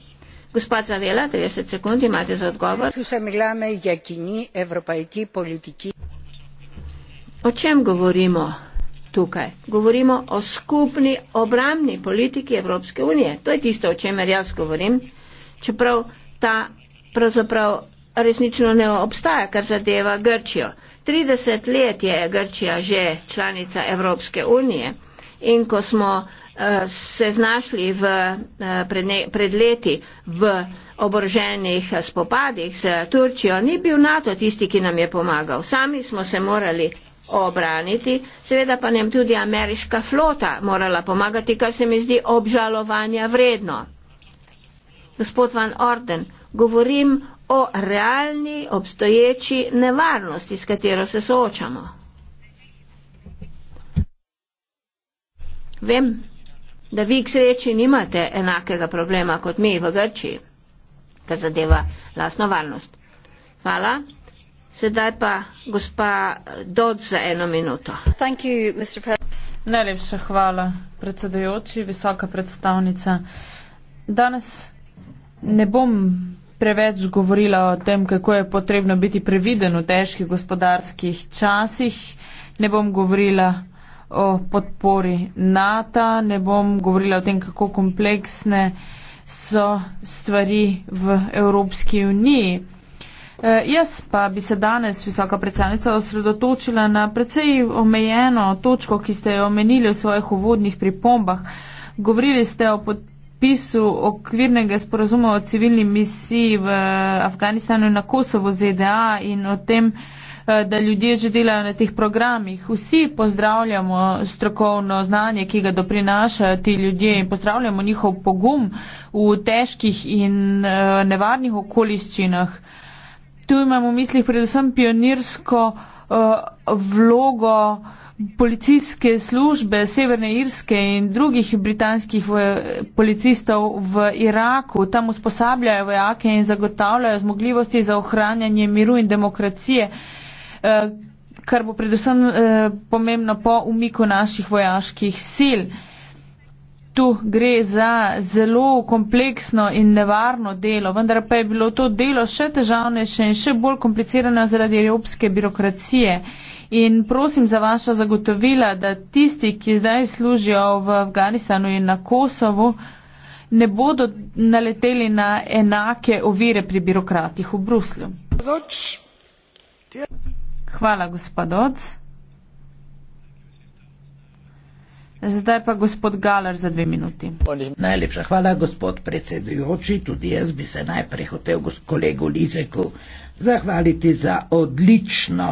Gospa Zavela, 30 sekund imate za odgovor. O čem govorimo tukaj? Govorimo o skupni obramni politiki Evropske unije. To je tisto, o čemer jaz govorim. Čeprav ta pravzaprav resnično ne obstaja, kar zadeva Grčijo. 30 let je Grčija že članica Evropske unije in ko smo eh, se znašli v, eh, pred, ne, pred leti v oboroženih eh, spopadih s Turčijo, ni bil NATO tisti, ki nam je pomagal. Sami smo se morali obraniti, seveda pa nam tudi ameriška flota morala pomagati, kar se mi zdi obžalovanja vredno. Gospod Van Orden, govorim o realni obstoječi nevarnosti, s katero se soočamo. Vem, da vi k sreči nimate enakega problema kot mi v Grčiji, kar zadeva lasno varnost. Hvala. Sedaj pa gospa Dod za eno minuto. Najlepša hvala,
predsedujoči, visoka predstavnica. Danes ne bom preveč govorila o tem, kako je potrebno biti previden v težkih gospodarskih časih. Ne bom govorila o podpori NATO, ne bom govorila o tem, kako kompleksne so stvari v Evropski uniji. E, jaz pa bi se danes, visoka predsednica, osredotočila na precej omejeno točko, ki ste jo omenili v svojih uvodnih pripombah. Govorili ste o podpori podpisu okvirnega sporazuma o civilni misiji v Afganistanu in na Kosovo ZDA in o tem, eh, da ljudje že delajo na teh programih. Vsi pozdravljamo strokovno znanje, ki ga doprinašajo ti ljudje in pozdravljamo njihov pogum v težkih in eh, nevarnih okoliščinah. Tu imamo v mislih predvsem pionirsko eh, vlogo uh, policijske službe Severne Irske in drugih britanskih policistov v Iraku. Tam usposabljajo vojake in zagotavljajo zmogljivosti za ohranjanje miru in demokracije, eh, kar bo predvsem eh, pomembno po umiku naših vojaških sil. Tu gre za zelo kompleksno in nevarno delo, vendar pa je bilo to delo še težavnejše in še bolj komplicirano zaradi evropske birokracije in prosim za vaša zagotovila, da tisti, ki zdaj služijo v Afganistanu in na Kosovu, ne bodo naleteli na enake ovire pri birokratih v Bruslju. Hvala, gospod Odc. Zdaj pa gospod Galar za dve minuti.
Najlepša hvala, gospod predsedujoči. Tudi jaz bi se najprej hotel kolegu Lizeku zahvaliti za odlično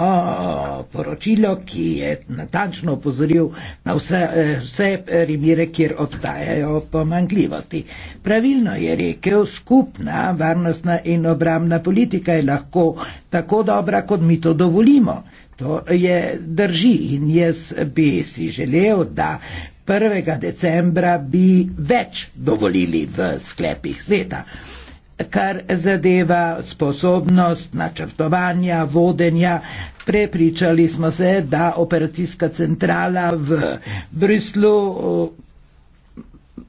poročilo, ki je natančno upozoril na vse, vse ribire, kjer obstajajo pomankljivosti. Pravilno je rekel, skupna varnostna in obramna politika je lahko tako dobra, kot mi to dovolimo. To je drži in jaz bi si želel, da 1. decembra bi več dovolili v sklepih sveta, kar zadeva sposobnost načrtovanja, vodenja. Prepričali smo se, da operacijska centrala v Bruslu eh,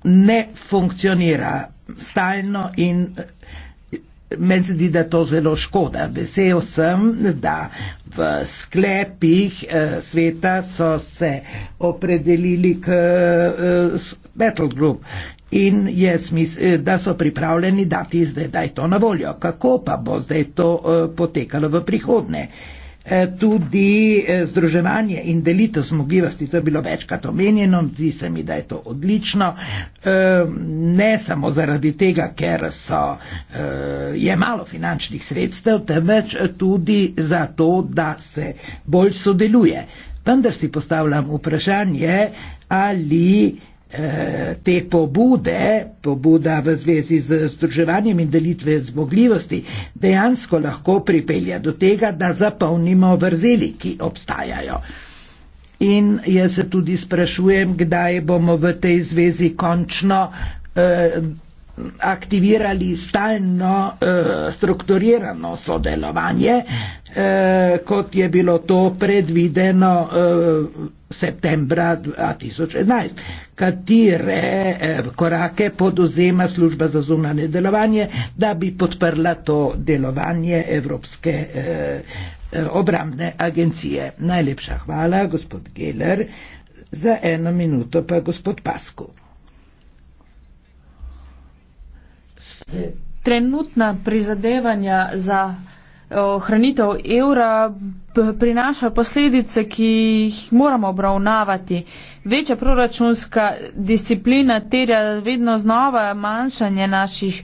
ne funkcionira stalno in Meni se zdi, da to zelo škoda. Vesel sem, da v sklepih eh, sveta so se opredelili k eh, Battle Group in yes, mis, eh, da so pripravljeni dati zdaj to na voljo. Kako pa bo zdaj to eh, potekalo v prihodnje? Eh, Eh, tudi eh, združevanje in delitev zmogljivosti, to je bilo večkrat omenjeno, zdi se mi, da je to odlično, eh, ne samo zaradi tega, ker so, je malo finančnih sredstev, temveč tudi zato, da se bolj sodeluje. Vendar si postavljam vprašanje, ali Eh, te pobude, pobuda v zvezi z združevanjem in delitve zmogljivosti, dejansko lahko pripelje do tega, da zapolnimo vrzeli, ki obstajajo. In jaz se tudi sprašujem, kdaj bomo v tej zvezi končno eh, aktivirali stalno uh, strukturirano sodelovanje, uh, kot je bilo to predvideno uh, septembra 2011. Katere uh, korake poduzema služba za zunanje delovanje, da bi podprla to delovanje Evropske uh, obramne agencije? Najlepša hvala, gospod Geller. Za eno minuto pa gospod Paskov.
Trenutna prizadevanja za eh, ohranitev evra prinaša posledice, ki jih moramo obravnavati. Večja proračunska disciplina terja vedno znova manjšanje naših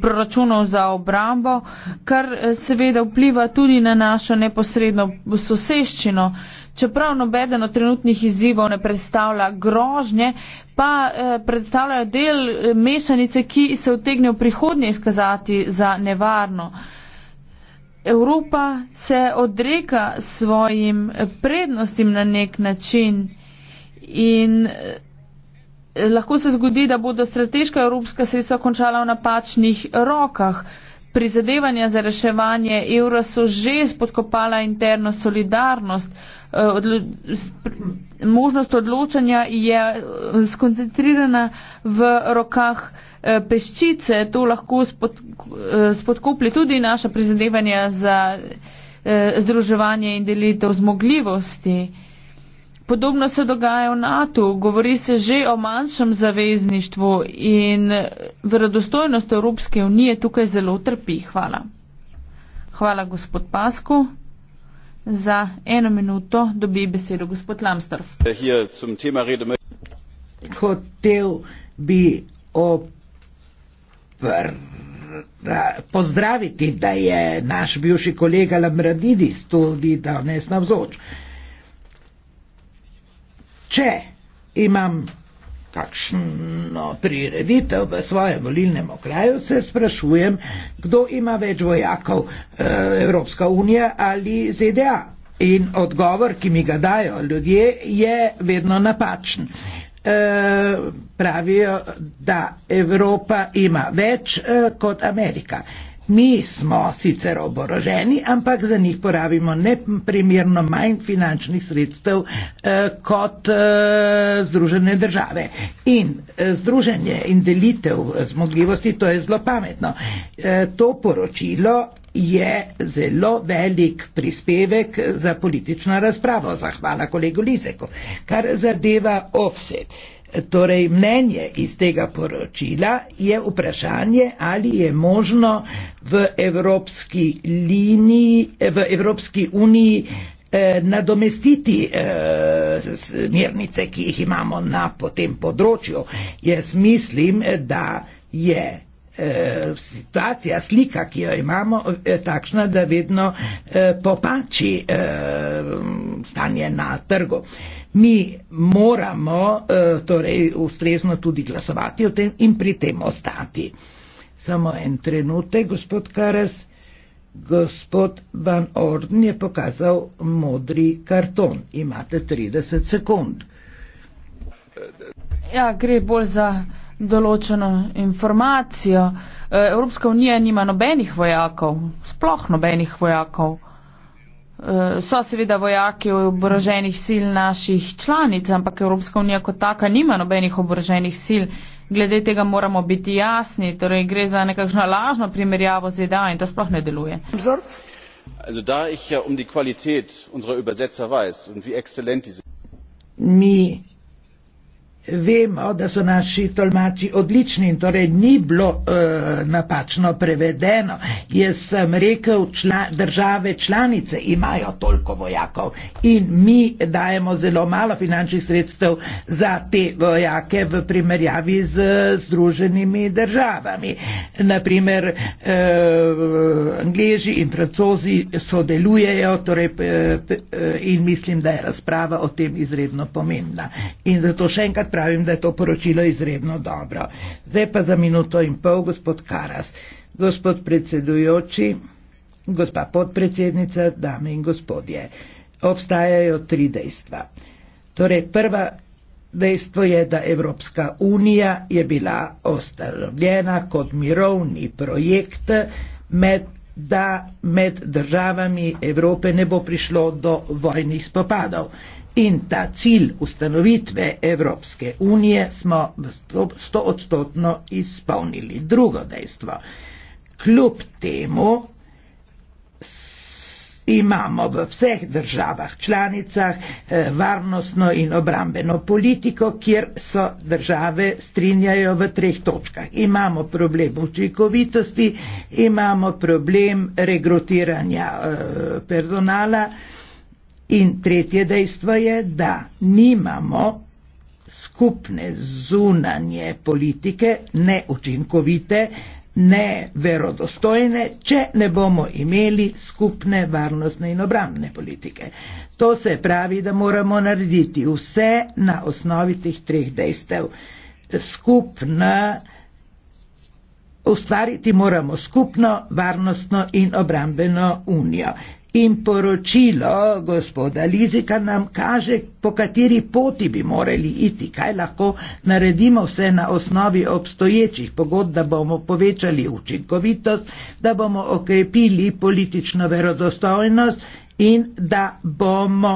proračunov za obrambo, kar eh, seveda vpliva tudi na našo neposredno soseščino čeprav nobeden od trenutnih izzivov ne predstavlja grožnje, pa eh, predstavljajo del eh, mešanice, ki se vtegne v prihodnje izkazati za nevarno. Evropa se odreka svojim eh, prednostim na nek način in lahko se zgodi, da bodo strateška evropska sredstva končala v napačnih rokah. Prizadevanja za reševanje evra so že spodkopala interno solidarnost odlo možnost odločanja je eh, skoncentrirana v rokah eh, peščice. To lahko spod eh, spodkoplje tudi naša prizadevanja za združevanje in delitev zmogljivosti. Podobno se dogaja v NATO, govori se že o manjšem zavezništvu in verodostojnost Evropske unije tukaj zelo trpi. Hvala. Hvala, gospod Pasku. Za eno minuto dobi besedo gospod Lamstrov.
Hotel bi opr. Pozdraviti, da je naš bivši kolega Lamradidis tudi danes navzoč. Če imam kakšno prireditev v svojem volilnem okraju, se sprašujem, kdo ima več vojakov, eh, Evropska unija ali ZDA. In odgovor, ki mi ga dajo ljudje, je vedno napačen. E, pravijo, da Evropa ima več e, kot Amerika. Mi smo sicer oboroženi, ampak za njih porabimo neprimerno manj finančnih sredstev eh, kot eh, Združene države. In eh, združenje in delitev eh, zmogljivosti, to je zelo pametno. Eh, to poročilo je zelo velik prispevek eh, za politično razpravo. Zahvala kolegu Lizeku. Kar zadeva offset. Eh, Torej, mnenje iz tega poročila je vprašanje, ali je možno v Evropski, liniji, v Evropski uniji eh, nadomestiti eh, mirnice, ki jih imamo na tem področju. Jaz mislim, da je eh, situacija, slika, ki jo imamo, eh, takšna, da vedno eh, popači eh, stanje na trgu. Eh, Mi moramo eh, torej ustrezno tudi glasovati o tem in pri tem ostati. Samo en trenutek, gospod Karas. Gospod Van Orden je pokazal modri karton. Imate 30 sekund.
Ja, gre bolj za določeno informacijo. Eh, Evropska unija nima nobenih vojakov, sploh nobenih vojakov. Eh, so seveda vojaki oboroženih sil naših članic, ampak Evropska unija kot taka nima nobenih oboroženih sil. Glede tega moramo biti jasni, torej gre za nekakšno lažno primerjavo z ZDA in to sploh ne deluje.
Ja um Mi Vemo, da so naši tolmači odlični in torej ni bilo e, napačno prevedeno. Jaz sem rekel, čla, države članice imajo toliko vojakov in mi dajemo zelo malo finančnih sredstev za te vojake v primerjavi z eh, združenimi državami. Naprimer, e, eh, angliži in francozi sodelujejo torej, e, in mislim, da je razprava o tem izredno pomembna pravim, da je to poročilo izredno dobro. Zdaj pa za minuto in pol, gospod Karas. Gospod predsedujoči, gospa podpredsednica, dame in gospodje, obstajajo tri dejstva. Torej, prva dejstvo je, da Evropska unija je bila ostalovljena kot mirovni projekt, med, da med državami Evrope ne bo prišlo do vojnih spopadov. In ta cilj ustanovitve Evropske unije smo stoodstotno izpolnili. Drugo dejstvo. Kljub temu imamo v vseh državah članicah eh, varnostno in obrambeno politiko, kjer so države strinjajo v treh točkah. Imamo problem učinkovitosti, imamo problem regrutiranja eh, personala. Eh, In tretje dejstvo je, da nimamo skupne zunanje politike, ne učinkovite, ne verodostojne, če ne bomo imeli skupne varnostne in obrambne politike. To se pravi, da moramo narediti vse na osnovi teh treh dejstev. Skupna, ustvariti moramo skupno varnostno in obrambeno unijo. In poročilo gospoda Lizika nam kaže, po kateri poti bi morali iti, kaj lahko naredimo vse na osnovi obstoječih pogod, da bomo povečali učinkovitost, da bomo okrepili politično verodostojnost in da bomo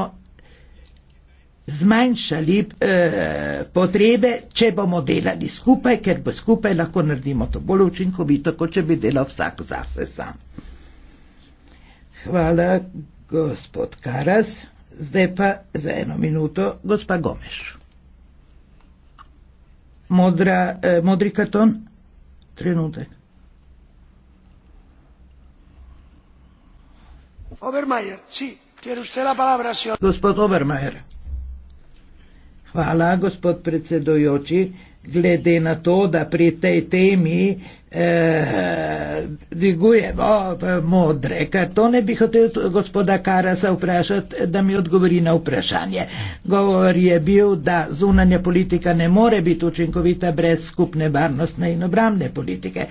zmanjšali eh, potrebe, če bomo delali skupaj, ker bo skupaj lahko naredimo to bolj učinkovito, kot če bi delal vsak zase sam. Hvala, gospod Karas. Zdaj pa za eno minuto, gospa Gomeš. Modra, eh, modri karton, trenutek. Obermeier, sí, tiene usted la palabra, señor. Gospod Obermeier. Hvala, gospod predsedujoči. Glede na to, da pri tej temi eh, dvigujemo eh, modre kartone, bi hotel gospoda Karasa vprašati, da mi odgovori na vprašanje. Govor je bil, da zunanja politika ne more biti učinkovita brez skupne varnostne in obramne politike.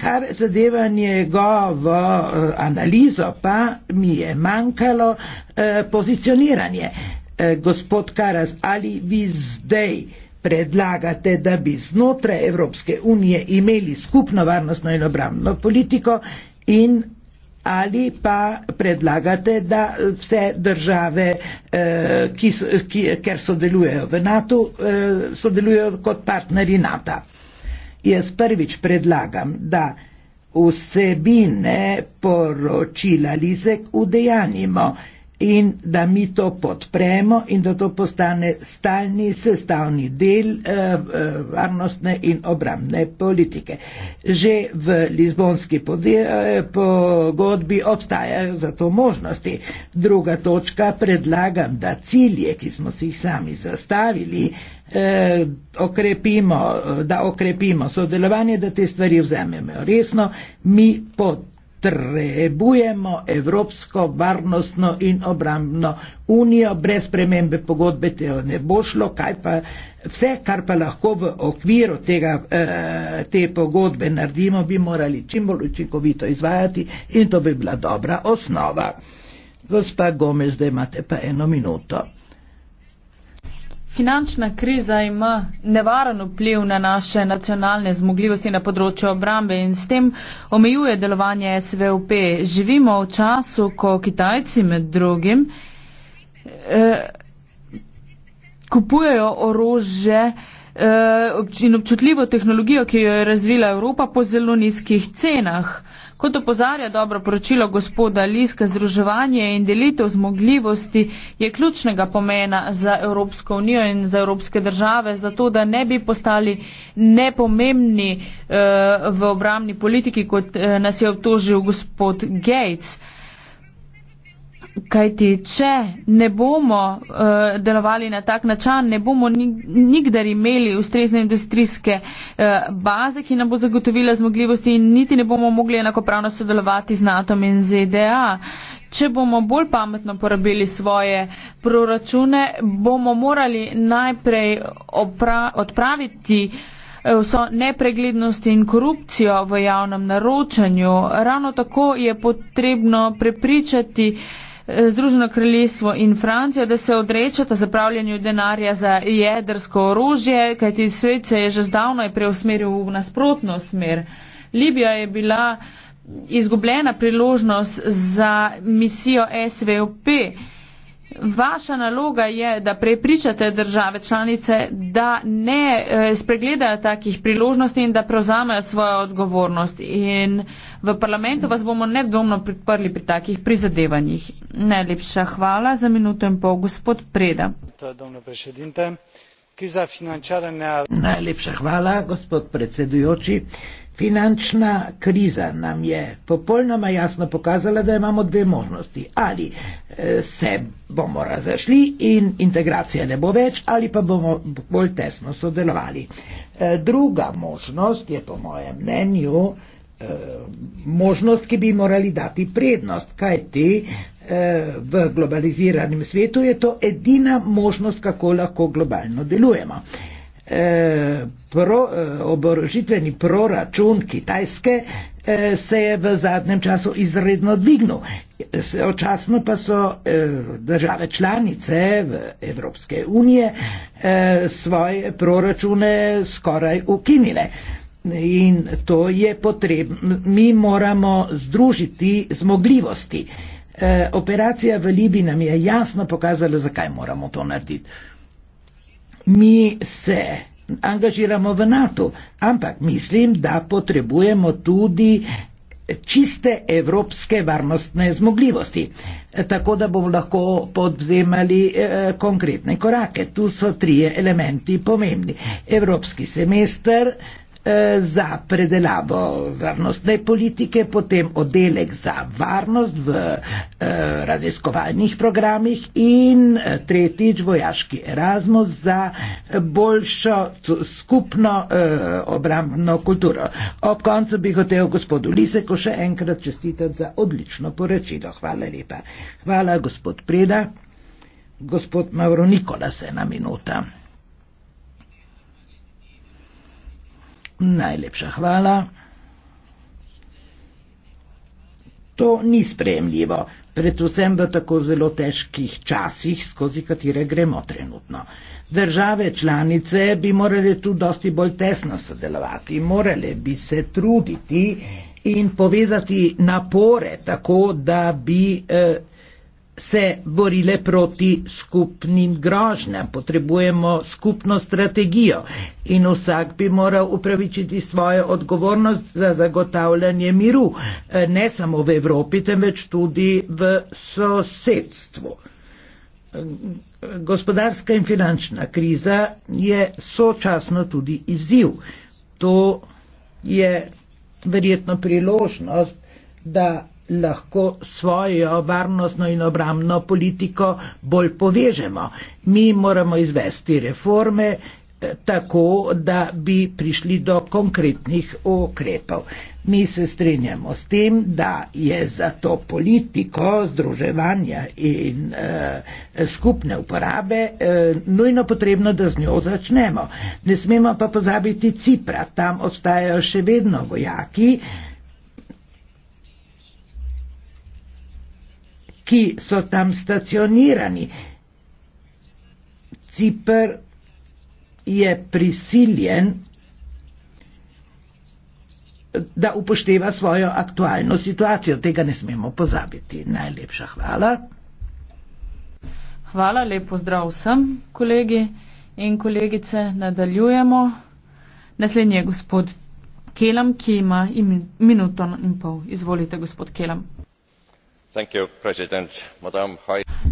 Kar zadeva njegovo eh, analizo, pa mi je manjkalo eh, pozicioniranje. Eh, gospod Karas, ali vi zdaj predlagate, da bi znotraj Evropske unije imeli skupno varnostno in obrambno politiko in ali pa predlagate, da vse države, eh, ki, ki, ker sodelujejo v NATO, eh, sodelujejo kot partneri NATO. Jaz prvič predlagam, da vsebine poročila Lizek udejanimo in da mi to podpremo in da to postane stalni sestavni del eh, eh varnostne in obramne politike. Že v Lizbonski eh, pogodbi obstajajo zato možnosti. Druga točka, predlagam, da cilje, ki smo si jih sami zastavili, eh, okrepimo, da okrepimo sodelovanje, da te stvari vzamemo resno, mi podpremo potrebujemo Evropsko varnostno in obrambno unijo, brez premembe pogodbe tega ne bo šlo, kaj pa vse, kar pa lahko v okviru tega, eh, te pogodbe naredimo, bi morali čim bolj učinkovito izvajati in to bi bila dobra osnova. Gospa Gomez, da imate pa eno minuto.
Finančna kriza ima nevaren vpliv na naše nacionalne zmogljivosti na področju obrambe in s tem omejuje delovanje SVOP. Živimo v času, ko Kitajci med drugim eh, kupujejo orožje eh, in občutljivo tehnologijo, ki jo je razvila Evropa po zelo nizkih cenah. Eh, Kot opozarja dobro poročilo gospoda Liska, združevanje in delitev zmogljivosti je ključnega pomena za Evropsko unijo in za evropske države, zato da ne bi postali nepomembni eh, v obramni politiki, kot eh, nas je obtožil gospod Gates. Kaj ti, če ne bomo uh, delovali na tak način, ne bomo nikdar imeli ustrezne industrijske uh, baze, ki nam bo zagotovila zmogljivosti in niti ne bomo mogli enakopravno sodelovati z NATO in ZDA. Če bomo bolj pametno porabili svoje proračune, bomo morali najprej odpraviti eh, vso nepreglednost in korupcijo v javnem naročanju. Ravno tako je potrebno prepričati, Združeno kraljestvo in Francijo, da se odrečata zapravljanju denarja za jedrsko orožje, kajti svet se je že zdavno preusmeril v nasprotno smer. Libija je bila izgubljena priložnost za misijo SVOP. Vaša naloga je, da prepričate države članice, da ne eh, spregledajo takih priložnosti in da prevzamejo svojo odgovornost. In v parlamentu vas bomo nedvomno priprli pri takih prizadevanjih. Najlepša hvala za minuto in pol, gospod Preda.
Najlepša hvala, gospod predsedujoči. Finančna kriza nam je popolnoma jasno pokazala, da imamo dve možnosti. Ali eh, se bomo razšli in integracije ne bo več, ali pa bomo bolj tesno sodelovali. Eh, druga možnost je po mojem mnenju eh, možnost, ki bi morali dati prednost, kajti v globaliziranem svetu je to edina možnost, kako lahko globalno delujemo. Eh, pro, eh, oborožitveni proračun Kitajske eh, se je v zadnjem času izredno dvignil. Sočasno pa so države članice Evropske unije svoje proračune skoraj ukinile. In to je potrebno. Mi moramo združiti zmogljivosti. Operacija v Libiji nam je jasno pokazala, zakaj moramo to narediti mi se angažiramo v NATO, ampak mislim, da potrebujemo tudi čiste evropske varnostne zmogljivosti, tako da bomo lahko podvzemali eh, konkretne korake. Tu so trije elementi pomembni. Evropski semester, eh, Eh, za predelavo varnostne politike, potem oddelek za varnost v eh, raziskovalnih programih in eh, tretjič vojaški Erasmus za boljšo skupno obrambno kulturo. Ob koncu bi hotel gospodu Liseku še enkrat čestitati za odlično poročilo. Hvala lepa. Hvala gospod Preda. Gospod Mauro Nikola se na minuta. Najlepša hvala. To ni sprejemljivo, predvsem v tako zelo težkih časih, skozi katere gremo trenutno. Države članice bi morale tu dosti bolj tesno sodelovati, morale bi se truditi in povezati napore tako, da bi eh, se borile proti skupnim grožnjam, potrebujemo skupno strategijo in vsak bi moral upravičiti svojo odgovornost za zagotavljanje miru, eh, ne samo v Evropi, temveč tudi v sosedstvu. Gospodarska in finančna kriza je sočasno tudi izziv. To je verjetno priložnost, da lahko svojo varnostno in obramno politiko bolj povežemo. Mi moramo izvesti reforme eh, tako, da bi prišli do konkretnih ukrepov. Mi se strinjamo s tem, da je za to politiko združevanja in eh, skupne uporabe eh, nujno potrebno, da z njo začnemo. Ne smemo pa pozabiti Cipra, tam obstajajo še vedno vojaki, eh, ki so tam stacionirani. Cipr je prisiljen, da upošteva svojo aktualno situacijo. Tega ne smemo pozabiti. Najlepša hvala.
Hvala, lepo zdrav vsem, kolegi in kolegice. Nadaljujemo. Naslednji je gospod Kelam, ki ima minuto in pol. Izvolite, gospod Kelam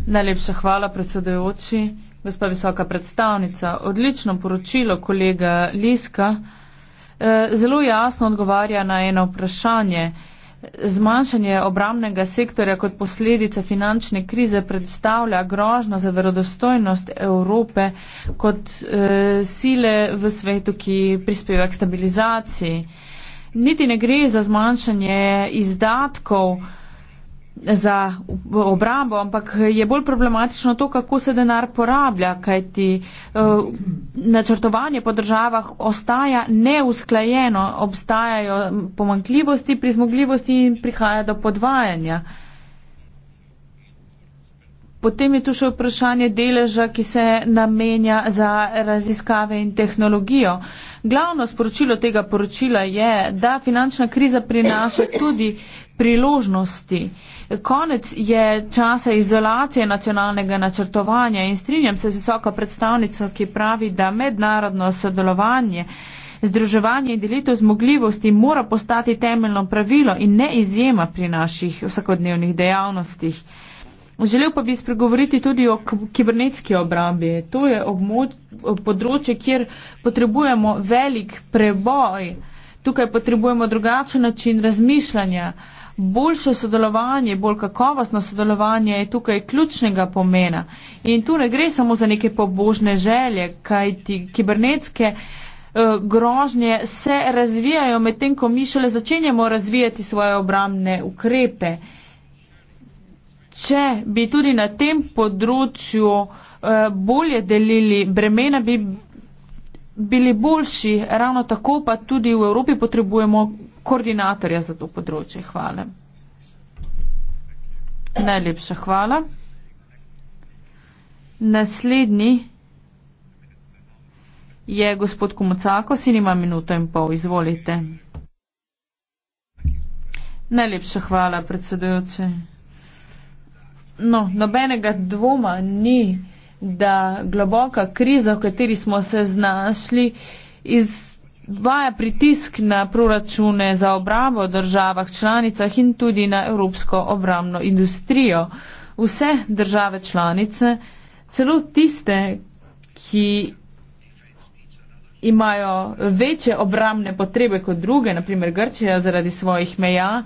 najlepša hvala predsedujoči gospa visoka predstavnica odlično poročilo kolega liska eh, zelo jasno odgovarja na eno vprašanje zmanjšanje obramnega sektorja kot posledica finančne krize predstavlja grožno za verodostojnost Evrope kot eh, sile v svetu, ki prispeva k stabilizaciji. Niti ne gre za zmanjšanje izdatkov, za obrambo, ampak je bolj problematično to, kako se denar porablja, kajti eh, načrtovanje po državah ostaja neusklajeno, obstajajo pomankljivosti pri zmogljivosti in prihaja do podvajanja. Potem je tu še vprašanje deleža, ki se namenja za raziskave in tehnologijo. Glavno sporočilo tega poročila je, da finančna kriza prinaša tudi priložnosti. Konec je časa izolacije nacionalnega načrtovanja in strinjam se z visoko predstavnico, ki pravi, da mednarodno sodelovanje, združevanje in delitev zmogljivosti mora postati temeljno pravilo in ne izjema pri naših vsakodnevnih dejavnostih. Želel pa bi spregovoriti tudi o kibernetski obrambi. To je območ, področje, kjer potrebujemo velik preboj. Tukaj potrebujemo drugačen način razmišljanja boljše sodelovanje, bolj kakovostno sodelovanje je tukaj ključnega pomena. In tu ne gre samo za neke pobožne želje, kaj ti kibernetske eh, grožnje se razvijajo medtem, ko mi šele začenjamo razvijati svoje obramne ukrepe. Če bi tudi na tem področju eh, bolje delili bremena, bi bili boljši, ravno tako pa tudi v Evropi potrebujemo koordinatorja za to področje. Hvala. Najlepša hvala. Naslednji je gospod Komocako, si nima minuto in pol, izvolite. Najlepša hvala, predsedujoče. No, nobenega dvoma ni, da globoka kriza, v kateri smo se znašli, iz vaja pritisk na proračune za obrambo v državah članicah in tudi na evropsko obrambno industrijo. Vse države članice, celo tiste, ki imajo večje obrambne potrebe kot druge, naprimer Grčija zaradi svojih meja,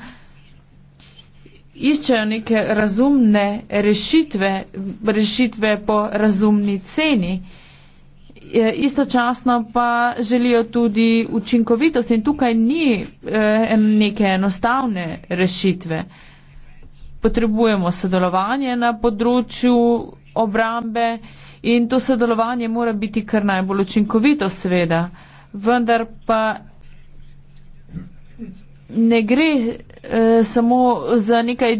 iščejo neke razumne rešitve, rešitve po razumni ceni istočasno pa želijo tudi učinkovitost in tukaj ni eh, neke enostavne rešitve. Potrebujemo sodelovanje na področju obrambe in to sodelovanje mora biti kar najbolj učinkovito, seveda. Vendar pa ne gre Eh, samo za nekaj,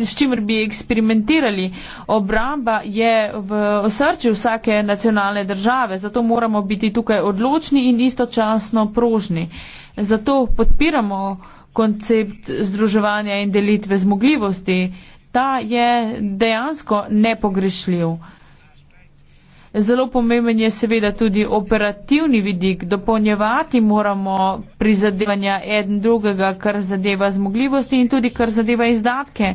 s čimer bi eksperimentirali. Obramba je v osrčju vsake nacionalne države, zato moramo biti tukaj odločni in istočasno prožni. Zato podpiramo koncept združevanja in delitve zmogljivosti. Ta je dejansko nepogrešljiv. Zelo pomemben je seveda tudi operativni vidik. Dopolnjevati moramo prizadevanja en drugega, kar zadeva zmogljivosti in tudi kar zadeva izdatke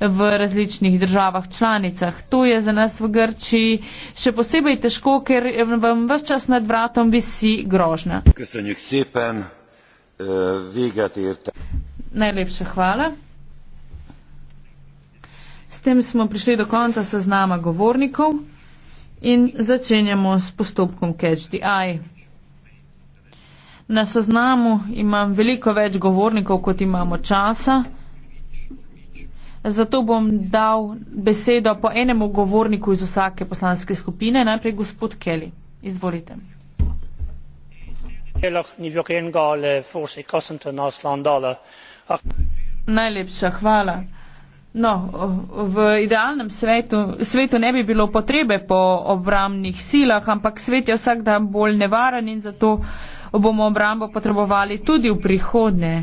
v različnih državah članicah. To je za nas v Grčiji še posebej težko, ker vam vse čas nad vratom visi grožnja.
Köszönjük szépen, véget érte.
Najlepša hvala. S tem smo prišli do konca seznama govornikov in začenjamo s postopkom Catch the Eye. Na seznamu imam veliko več govornikov, kot imamo časa, zato bom dal besedo po enemu govorniku iz vsake poslanske skupine, najprej gospod Kelly. Izvolite. Najlepša hvala. No, v idealnem svetu, svetu ne bi bilo potrebe po obramnih silah, ampak svet je vsak dan bolj nevaren in zato bomo obrambo potrebovali tudi v prihodnje.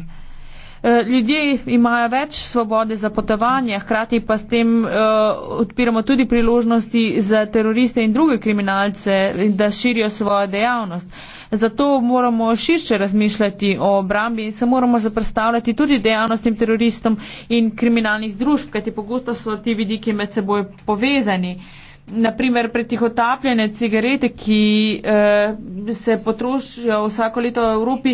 Eh, ljudje imajo več svobode za potovanje, hkrati pa s tem uh, odpiramo tudi priložnosti za teroriste in druge kriminalce, da širijo svojo dejavnost. Zato moramo širše razmišljati o obrambi in se moramo zaprstavljati tudi dejavnostim teroristom in kriminalnih združb, kajti pogosto so ti vidiki med seboj povezani. Uh, naprimer pretihotapljene cigarete, ki eh, se potrošijo vsako leto v Evropi,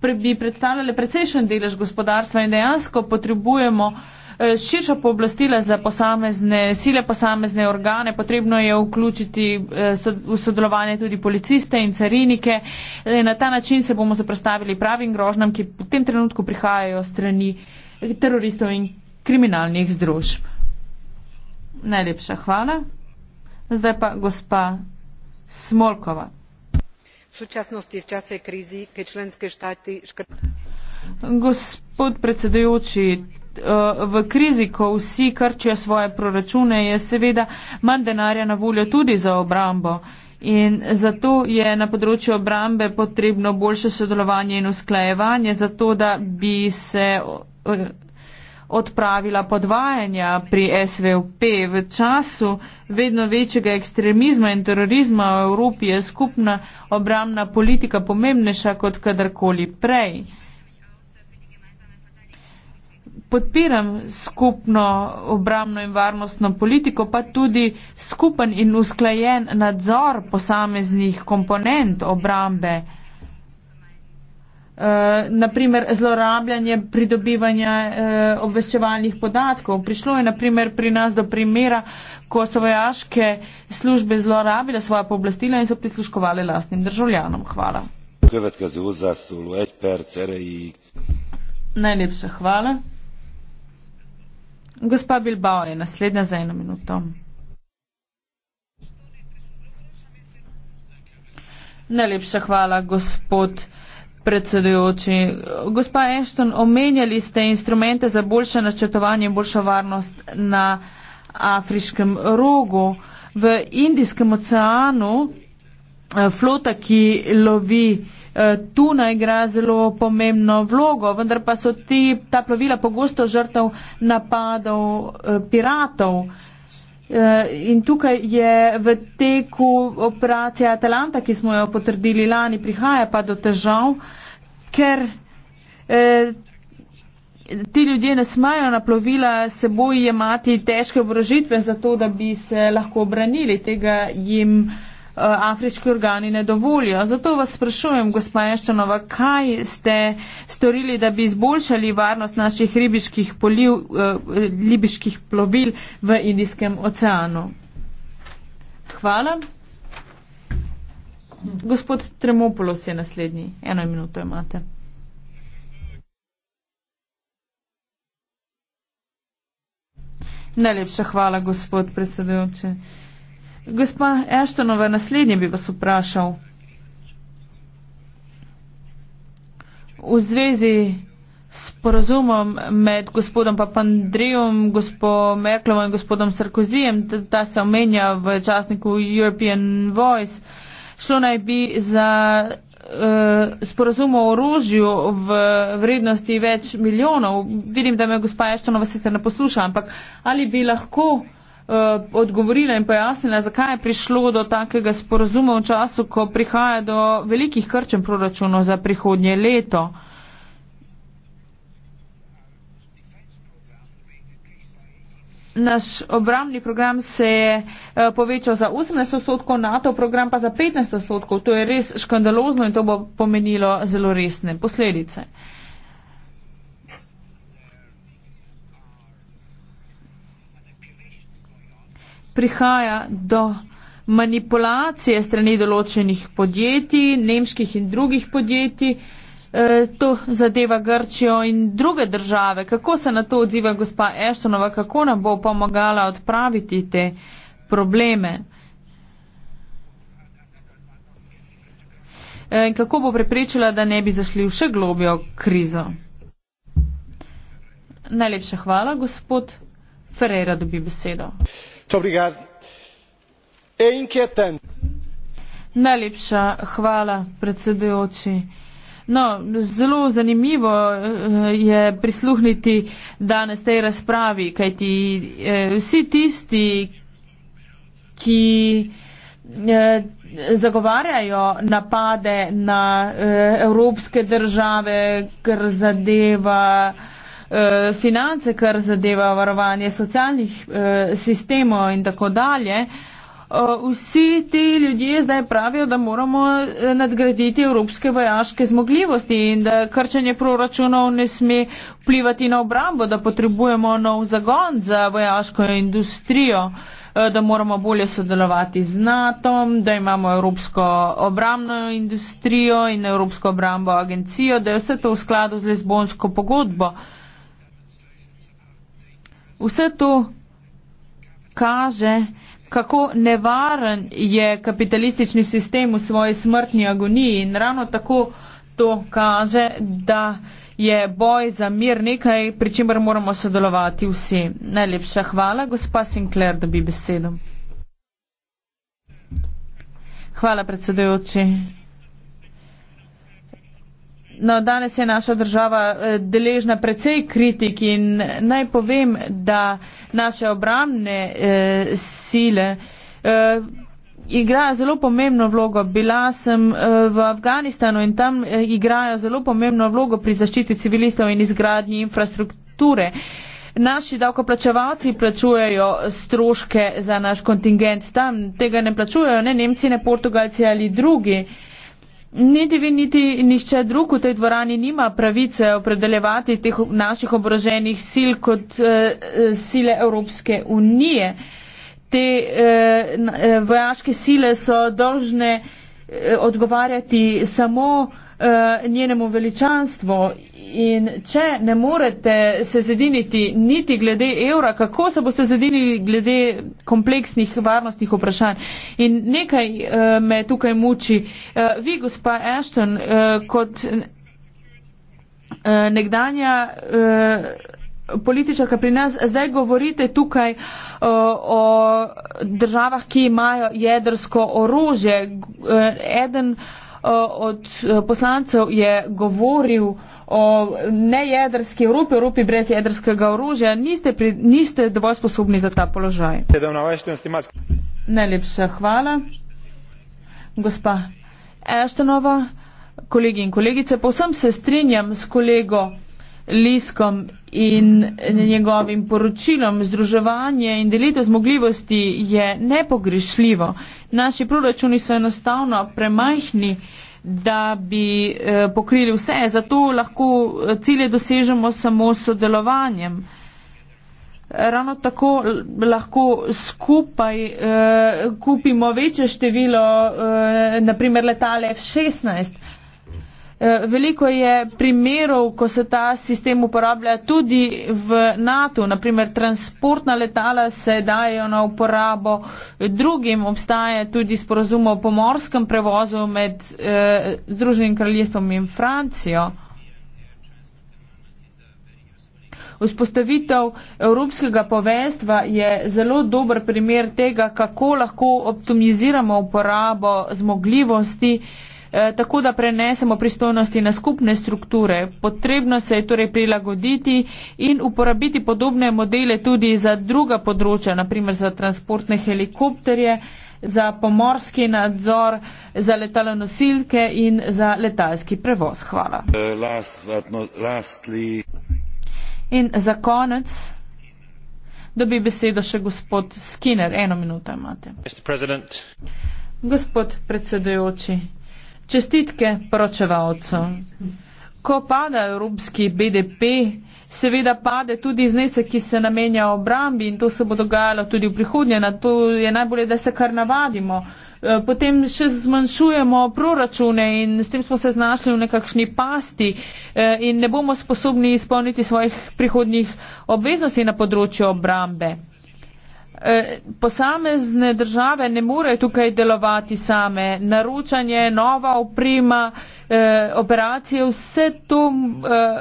pre, bi predstavljale precejšen delež gospodarstva in dejansko potrebujemo eh, širša pooblastila za posamezne sile, posamezne organe. Potrebno je vključiti eh, v sodelovanje tudi policiste in carinike. E, na ta način se bomo zaprstavili pravim grožnjam, ki v tem trenutku prihajajo strani eh, teroristov in kriminalnih združb. Najlepša hvala. Zdaj pa gospa Smolkova. V sočasnosti v čase krizi, kaj členske štati Gospod predsedujoči, eh, v krizi, ko vsi krčijo svoje proračune, je seveda manj denarja na voljo tudi za obrambo. In zato je na področju obrambe potrebno boljše sodelovanje in usklajevanje, zato da bi se eh, odpravila podvajanja pri SVP. V času vedno večjega ekstremizma in terorizma v Evropi je skupna obramna politika pomembnejša kot kadarkoli prej. Podpiram skupno obramno in varnostno politiko, pa tudi skupen in usklajen nadzor posameznih komponent obrambe. Uh, eh, naprimer, zlorabljanje pridobivanja uh, obveščevalnih podatkov. Prišlo je naprimer pri nas do primera, ko so vojaške službe zlorabile svoje pooblastila in so prisluškovali lastnim državljanom. Hvala. Najlepša hvala. Gospa Bilbao je naslednja za eno minuto. Najlepša hvala, gospod predsedujoči. Gospa Ešton, omenjali ste instrumente za boljše načrtovanje in boljša varnost na afriškem rogu. V Indijskem oceanu eh, flota, ki lovi eh, tuna, igra zelo pomembno vlogo, vendar pa so ti, ta plovila pogosto žrtev napadov eh, piratov. Eh, in tukaj je v teku operacija Atalanta, ki smo jo potrdili lani, prihaja pa do težav, ker eh, ti ljudje ne smajo na plovila seboj imati težke obrožitve za to, da bi se lahko obranili. Tega jim. Eh, afriški organi ne dovolijo. Zato vas sprašujem, gospa Eštonova, kaj ste storili, da bi izboljšali varnost naših ribiških poliv, libiških eh, plovil v Indijskem oceanu? Hvala. Gospod Tremopolos je naslednji. Eno minuto imate. Najlepša hvala, gospod predsedujoče. Gospa Eštonova, naslednje bi vas vprašal. V zvezi s porazumom med gospodom Papandrejom, gospodom Meklom in gospodom Sarkozijem, ta se omenja v časniku European Voice, šlo naj bi za eh, sporazum o orožju v vrednosti več milijonov. Vidim, da me gospa Eštonova sicer ne posluša, ampak ali bi lahko Eh, odgovorila in pojasnila, zakaj je prišlo do takega sporazuma v času, ko prihaja do velikih krčem proračunov za prihodnje leto. Naš obramni program se je eh, povečal za 18 odstotkov, NATO program pa za 15 odstotkov. To je res škandalozno in to bo pomenilo zelo resne posledice. prihaja do manipulacije strani določenih podjetij, nemških in drugih podjetij. E, to zadeva Grčijo in druge države. Kako se na to odziva gospa Eštonova, kako nam bo pomagala odpraviti te probleme? E, in kako bo prepričala, da ne bi zašli v še globjo krizo? Najlepša hvala, gospod Ferreira dobi besedo. Najlepša hvala, predsedujoči. No, zelo zanimivo eh, je prisluhniti danes tej razpravi, kajti eh, vsi tisti, ki eh, zagovarjajo napade na evropske države, kar zadeva Eh, finance, kar zadeva varovanje socialnih eh, sistemov in tako dalje. Eh, vsi ti ljudje zdaj pravijo, da moramo nadgraditi evropske vojaške zmogljivosti in da krčanje proračunov ne sme vplivati na obrambo, da potrebujemo nov zagon za vojaško industrijo, da moramo bolje sodelovati z NATO, da imamo evropsko obramno industrijo in evropsko obrambo agencijo, da je vse to v skladu z lesbonsko pogodbo. Vse to kaže, kako nevaren je kapitalistični sistem v svoji smrtni agoniji in ravno tako to kaže, da je boj za mir nekaj, pri čemer moramo sodelovati vsi. Najlepša hvala, gospa Sinclair, da bi besedo. Hvala, predsedujoči. No, danes je naša država eh, deležna precej kritik in naj povem, da naše obramne eh, sile eh, igrajo zelo pomembno vlogo. Bila sem eh, v Afganistanu in tam eh, igrajo zelo pomembno vlogo pri zaščiti civilistov in izgradnji infrastrukture. Naši davkoplačevalci plačujejo stroške za naš kontingent tam. Tega ne plačujejo ne Nemci, ne Portugalci ali drugi. Eh, Niti vi, niti nišče drug v tej dvorani nima pravice opredeljevati teh naših oboroženih sil kot eh, sile Evropske unije. Te eh, eh vojaške sile so dožne eh, odgovarjati samo eh, Eh, njenemu veličanstvu. In če ne morete se zediniti niti glede evra, kako se boste zedinili glede kompleksnih varnostnih vprašanj? In nekaj uh, me tukaj muči. Uh, vi, gospa Ashton, uh, kot uh, nekdanja uh, političarka pri nas, zdaj govorite tukaj uh, o državah, ki imajo jedrsko orože. Uh, Eh, od eh, poslancev je govoril o nejedrski Evropi, Evropi brez jedrskega orožja. Niste, pri, niste dovolj sposobni za ta položaj. Najlepša hvala. Gospa Eštenova, kolegi in kolegice, povsem se strinjam s kolego Liskom in njegovim poročilom. Združevanje in delitev zmogljivosti je nepogrešljivo naši proračuni so enostavno premajhni, da bi eh, pokrili vse. Zato lahko eh, cilje dosežemo samo s sodelovanjem. Ravno tako lahko skupaj eh, kupimo večje število, eh, naprimer letale F-16, Eh, veliko je primerov, ko se ta sistem uporablja tudi v NATO. Naprimer, transportna letala se dajo na uporabo drugim. Obstaja tudi sporozum o pomorskem prevozu med eh, Združenim kraljestvom in Francijo. Vzpostavitev evropskega povestva je zelo dober primer tega, kako lahko optimiziramo uporabo zmogljivosti. Eh, Eh, tako da prenesemo pristojnosti na skupne strukture. Potrebno se je torej prilagoditi in uporabiti podobne modele tudi za druga področja, naprimer za transportne helikopterje, za pomorski nadzor, za letalonosilke in za letalski prevoz. Hvala. Eh, in za konec. Dobi besedo še gospod Skinner. Eno minuto imate. Gospod predsedujoči. Čestitke, poročevalcu. Ko pada evropski BDP, seveda pade tudi znesek, ki se namenja obrambi in to se bo dogajalo tudi v prihodnje. Na to je najbolje, da se kar navadimo. E, potem še zmanjšujemo proračune in s tem smo se znašli v nekakšni pasti e, in ne bomo sposobni izpolniti svojih prihodnih obveznosti na področju obrambe. E, posamezne države ne morejo tukaj delovati same. Naročanje, nova oprema, e, operacije, vse to e,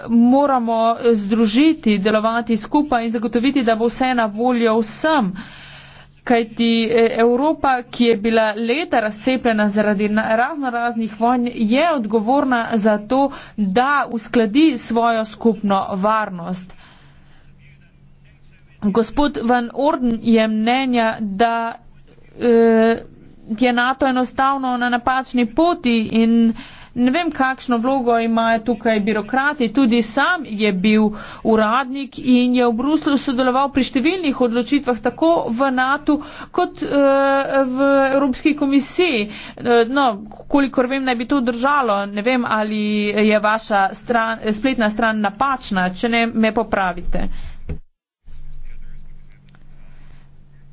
moramo združiti, delovati skupaj in zagotoviti, da bo vse na voljo vsem. Kajti Evropa, ki je bila leta razcepljena zaradi razno raznih vojn, je odgovorna za to, da uskladi svojo skupno varnost. Gospod Van Orden je mnenja, da uh, je NATO enostavno na napačni poti in ne vem, kakšno vlogo imajo tukaj birokrati. Tudi sam je bil uradnik in je v Bruslu sodeloval pri številnih odločitvah tako v NATO kot uh, v Evropski komisiji. Uh, no, kolikor vem, naj bi to držalo. Ne vem, ali je vaša stran, spletna stran napačna, če ne me popravite. Uh,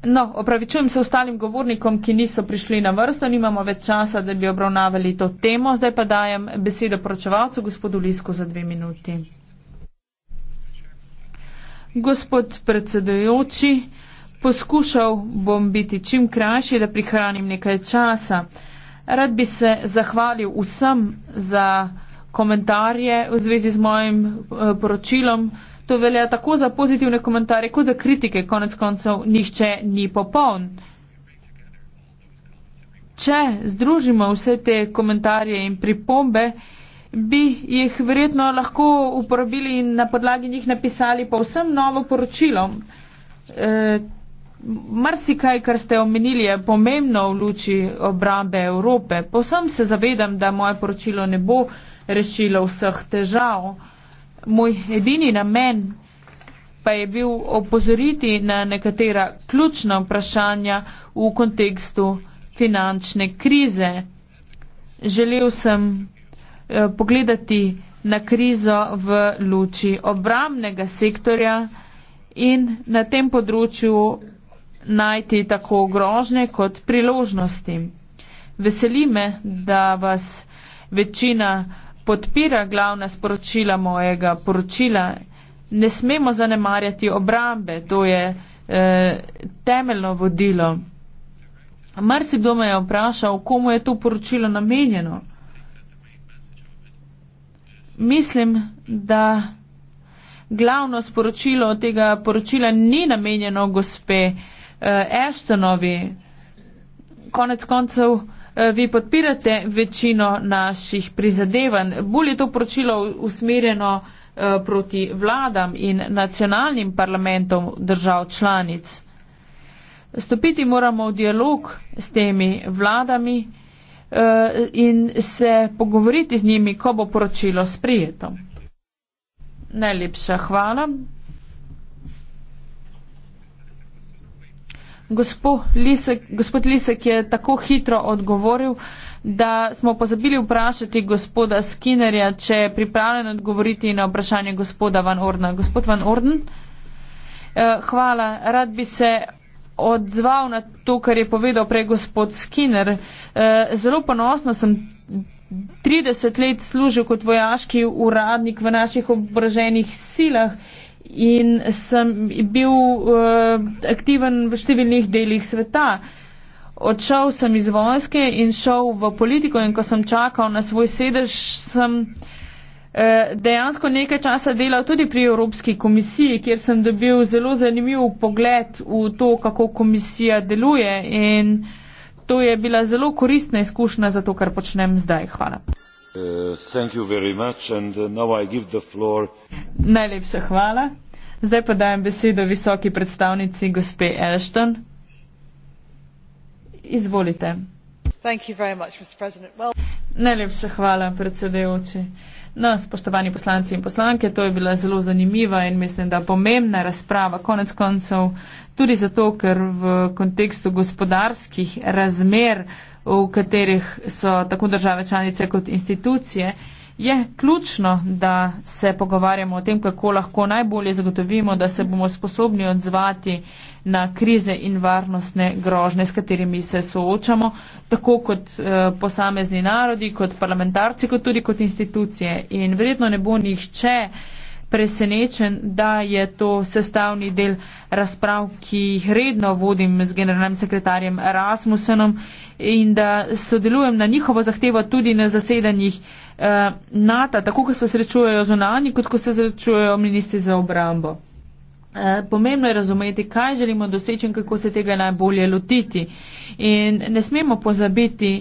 No, opravičujem se ostalim govornikom, ki niso prišli na vrsto, nimamo več časa, da bi obravnavali to temo. Zdaj pa dajem besedo poročevalcu, gospodu Lisku, za dve minuti. Gospod predsedujoči, poskušal bom biti čim krajši, da prihranim nekaj časa. Rad bi se zahvalil vsem za komentarje v zvezi z mojim eh, poročilom, To velja tako za pozitivne komentarje, kot za kritike. Konec koncev, nišče ni popoln. Če združimo vse te komentarje in pripombe, bi jih verjetno lahko uporabili in na podlagi njih napisali povsem novo poročilo. E, Mrsikaj, kar ste omenili, je pomembno v luči obrambe Evrope. Povsem se zavedam, da moje poročilo ne bo rešilo vseh težav. Moj edini namen pa je bil opozoriti na nekatera ključna vprašanja v kontekstu finančne krize. Želel sem eh, pogledati na krizo v luči obramnega sektorja in na tem področju najti tako grožne kot priložnosti. Veseli me, da vas večina podpira glavna sporočila mojega poročila. Ne smemo zanemarjati obrambe, to je eh, temeljno vodilo. Mar si kdo me je vprašal, komu je to poročilo namenjeno? Mislim, da glavno sporočilo tega poročila ni namenjeno gospe eh, Eštonovi. Konec koncev. Eh, vi podpirate večino naših prizadevanj. Bolj je to poročilo usmerjeno eh, proti vladam in nacionalnim parlamentom držav članic. Stopiti moramo v dialog s temi vladami eh, in se pogovoriti z njimi, ko bo poročilo sprijeto. Najlepša hvala. Lisek, gospod Lisek je tako hitro odgovoril, da smo pozabili vprašati gospoda Skinnerja, če je pripravljen odgovoriti na vprašanje gospoda Van Ordna. Gospod Van Orden, eh, hvala. Rad bi se odzval na to, kar je povedal prej gospod Skinner. Eh, zelo ponosno sem 30 let služil kot vojaški uradnik v naših obraženih silah in sem bil uh, aktiven v številnih delih sveta. Odšel sem iz vojske in šel v politiko in ko sem čakal na svoj sedež, sem eh, dejansko nekaj časa delal tudi pri Evropski komisiji, kjer sem dobil zelo zanimiv pogled v to, kako komisija deluje in to je bila zelo koristna izkušnja za to, kar počnem zdaj. Hvala.
Uh, uh,
Najlepša hvala. Zdaj pa dajem besedo visoki predstavnici gospe Ashton. Izvolite.
Well...
Najlepša hvala, predsedujoči. No, spoštovani poslanci in poslanke, to je bila zelo zanimiva in mislim, da pomembna razprava konec koncev, tudi zato, ker v kontekstu gospodarskih razmer v katerih so tako države članice kot institucije, je ključno, da se pogovarjamo o tem, kako lahko najbolje zagotovimo, da se bomo sposobni odzvati na krize in varnostne grožne, s katerimi se soočamo, tako kot eh, posamezni narodi, kot parlamentarci, kot tudi kot institucije. In verjetno ne bo nihče eh, presenečen, da je to sestavni del razprav, ki jih redno vodim z generalnim sekretarjem Rasmussenom in da sodelujem na njihovo zahtevo tudi na zasedanjih eh, NATO, tako ko se srečujejo zunani, kot ko se srečujejo ministri za obrambo. Eh, pomembno je razumeti, kaj želimo doseči in kako se tega najbolje lotiti. In ne smemo pozabiti,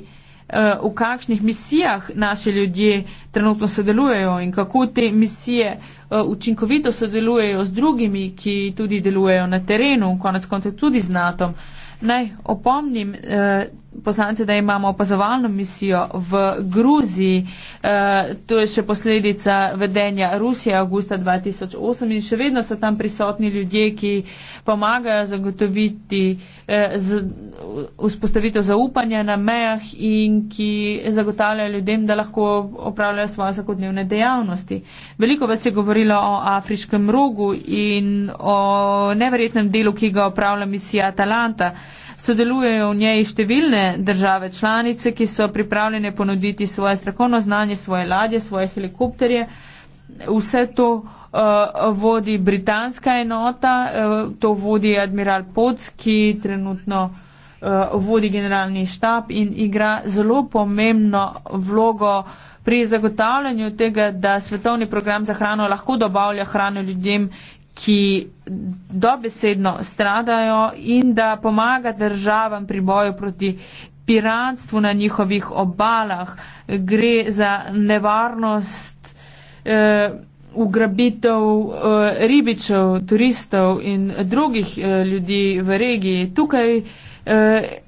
Eh, v kakšnih misijah naše ljudje trenutno sodelujejo in kako te misije eh, učinkovito sodelujejo z drugimi, ki tudi delujejo na terenu, konec konca tudi z NATO-om. Naj opomnim eh, poslance, da imamo opazovalno misijo v Gruziji. Eh, to je še posledica vedenja Rusije avgusta 2008 in še vedno so tam prisotni ljudje, ki pomagajo zagotoviti eh, vzpostavitev zaupanja na mejah in ki zagotavljajo ljudem, da lahko opravljajo svoje vsakodnevne dejavnosti. Veliko več je govorilo o afriškem rogu in o neverjetnem delu, ki ga opravlja misija Atalanta. Sodelujejo v njej številne države članice, ki so pripravljene ponuditi svoje strokovno znanje, svoje ladje, svoje helikopterje. Vse to uh, vodi britanska enota, uh, to vodi admiral Poc, ki trenutno uh, vodi generalni štab in igra zelo pomembno vlogo pri zagotavljanju tega, da svetovni program za hrano lahko dobavlja hrano ljudem ki dobesedno stradajo in da pomaga državam pri boju proti piranstvu na njihovih obalah. Gre za nevarnost eh, ugrabitev eh, ribičev, turistov in drugih eh, ljudi v regiji. Tukaj eh,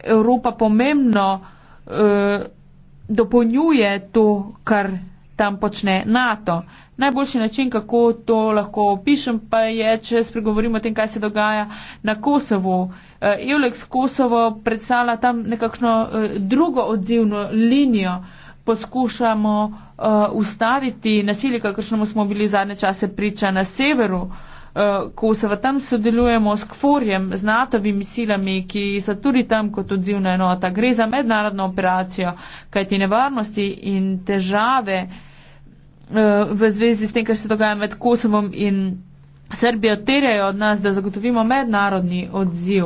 Evropa pomembno eh, dopolnjuje to, kar tam počne NATO. Najboljši način, kako to lahko opišem, pa je, če spregovorimo o tem, kaj se dogaja na Kosovo. Evlex eh, Kosovo predstavlja tam nekakšno eh, drugo odzivno linijo. Poskušamo eh, ustaviti nasilje, kakršnemu smo bili zadnje čase priča na severu. Ko se v tam sodelujemo s kvorjem, z NATO-vimi silami, ki so tudi tam kot odzivna enota, gre za mednarodno operacijo, kajti nevarnosti in težave uh, v zvezi s tem, kar se dogaja med Kosovom in Srbijo, terjajo od nas, da zagotovimo mednarodni odziv.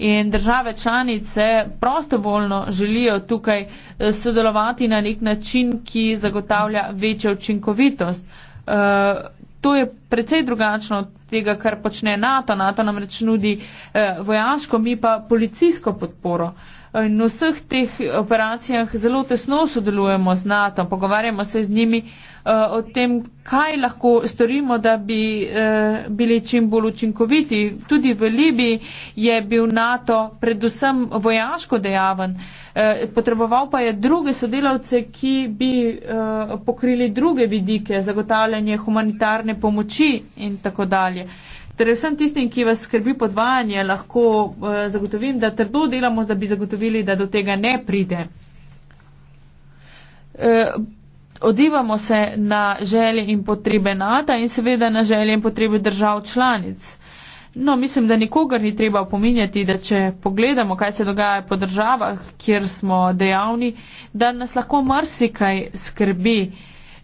In države članice prostovoljno želijo tukaj eh, sodelovati na nek način, ki zagotavlja večjo učinkovitost. Eh, to je precej drugačno od tega, kar počne NATO. NATO namreč nudi eh, vojaško, mi pa policijsko podporo in v vseh teh operacijah zelo tesno sodelujemo z NATO, pogovarjamo se z njimi uh, o tem, kaj lahko storimo, da bi uh, bili čim bolj učinkoviti. Tudi v Libiji je bil NATO predvsem vojaško dejaven, uh, potreboval pa je druge sodelavce, ki bi uh, pokrili druge vidike, zagotavljanje humanitarne pomoči in tako dalje. Torej vsem tistim, ki vas skrbi podvajanje, lahko eh, zagotovim, da trdo delamo, da bi zagotovili, da do tega ne pride. Eh, odzivamo se na želje in potrebe NATO in seveda na želje in potrebe držav članic. No, mislim, da nikogar ni treba opominjati, da če pogledamo, kaj se dogaja po državah, kjer smo dejavni, da nas lahko marsikaj skrbi.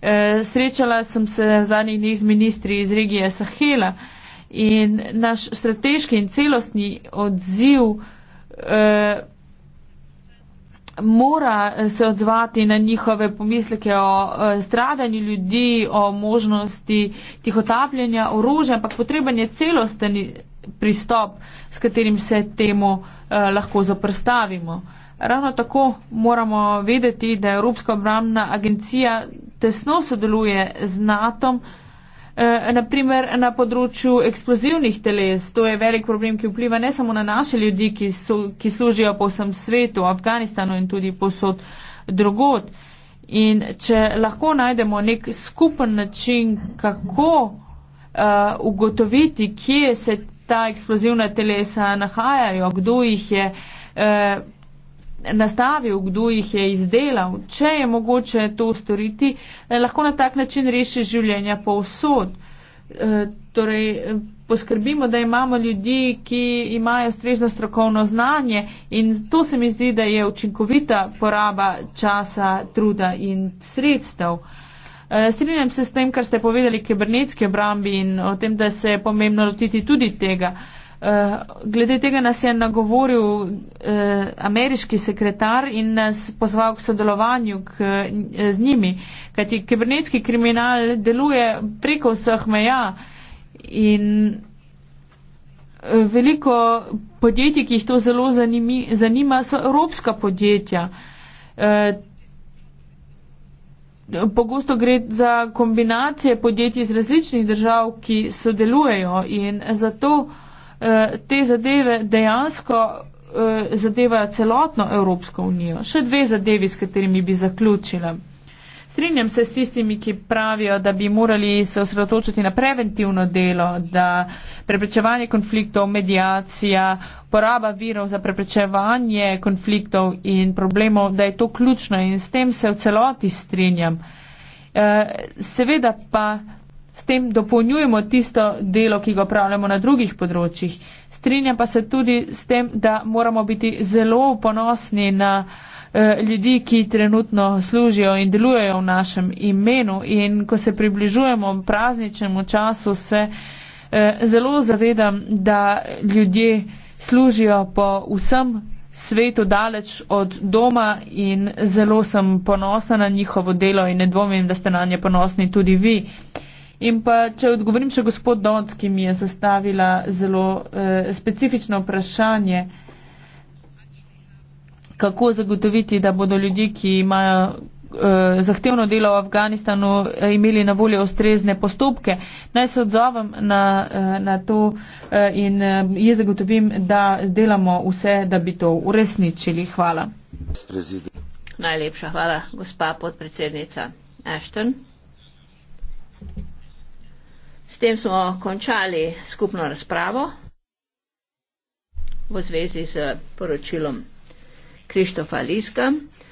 Eh, srečala sem se zadnjih dni z ministri iz regije Sahela. Eh, In naš strateški in celostni odziv eh, mora se odzvati na njihove pomisleke o eh, stradanju ljudi, o možnosti tihotapljenja orožja, ampak potreben je celosten pristop, s katerim se temu eh, lahko zaprstavimo. Ravno tako moramo vedeti, da Evropska obramna agencija tesno sodeluje z NATO-om. Eh, naprimer na področju eksplozivnih teles. To je velik problem, ki vpliva ne samo na naše ljudi, ki, so, ki služijo po vsem svetu, v Afganistanu in tudi posod drugot. In če lahko najdemo nek skupen način, kako uh, ugotoviti, kje se ta eksplozivna telesa nahajajo, kdo jih je. Uh, nastavil, kdo jih je izdelal, če je mogoče to storiti, eh, lahko na tak način reši življenja povsod. Eh, torej, eh, poskrbimo, da imamo ljudi, ki imajo strežno strokovno znanje in to se mi zdi, da je učinkovita poraba časa, truda in sredstev. Strinjam se s tem, kar ste povedali kibernetske obrambi in o tem, da se je pomembno lotiti tudi tega. Eh, glede tega nas je nagovoril eh, ameriški sekretar in nas pozval k sodelovanju k, eh, z njimi, kajti kibernetski kriminal deluje preko vseh meja in veliko podjetij, ki jih to zelo zanimi, zanima, so evropska podjetja. Pogosto gre za kombinacije podjetij iz različnih držav, ki sodelujejo in zato Eh, te zadeve dejansko eh, zadevajo celotno Evropsko unijo. Še dve zadevi, s katerimi bi zaključila. Strinjam se s tistimi, ki pravijo, da bi morali se osredotočiti na preventivno delo, da preprečevanje konfliktov, medijacija, poraba virov za preprečevanje konfliktov in problemov, da je to ključno in s tem se v celoti strinjam. Eh, seveda pa S tem dopolnjujemo tisto delo, ki ga opravljamo na drugih področjih. Strinjam pa se tudi s tem, da moramo biti zelo ponosni na eh, ljudi, ki trenutno služijo in delujejo v našem imenu. In ko se približujemo prazničnemu času, se eh, zelo zavedam, da ljudje služijo po vsem svetu daleč od doma in zelo sem ponosna na njihovo delo in ne dvomim, da ste na nje ponosni tudi vi. In pa, če odgovorim še gospod Donc, ki mi je zastavila zelo eh, specifično vprašanje, kako zagotoviti, da bodo ljudi, ki imajo eh, zahtevno delo v Afganistanu, eh, imeli na voljo ustrezne postopke. Naj se odzovem na, eh, na to eh, in eh, je zagotovim, da delamo vse, da bi to uresničili. Hvala.
Najlepša hvala, gospa podpredsednica Ashton. S tem smo končali skupno razpravo v zvezi s poročilom Krištofa Liska.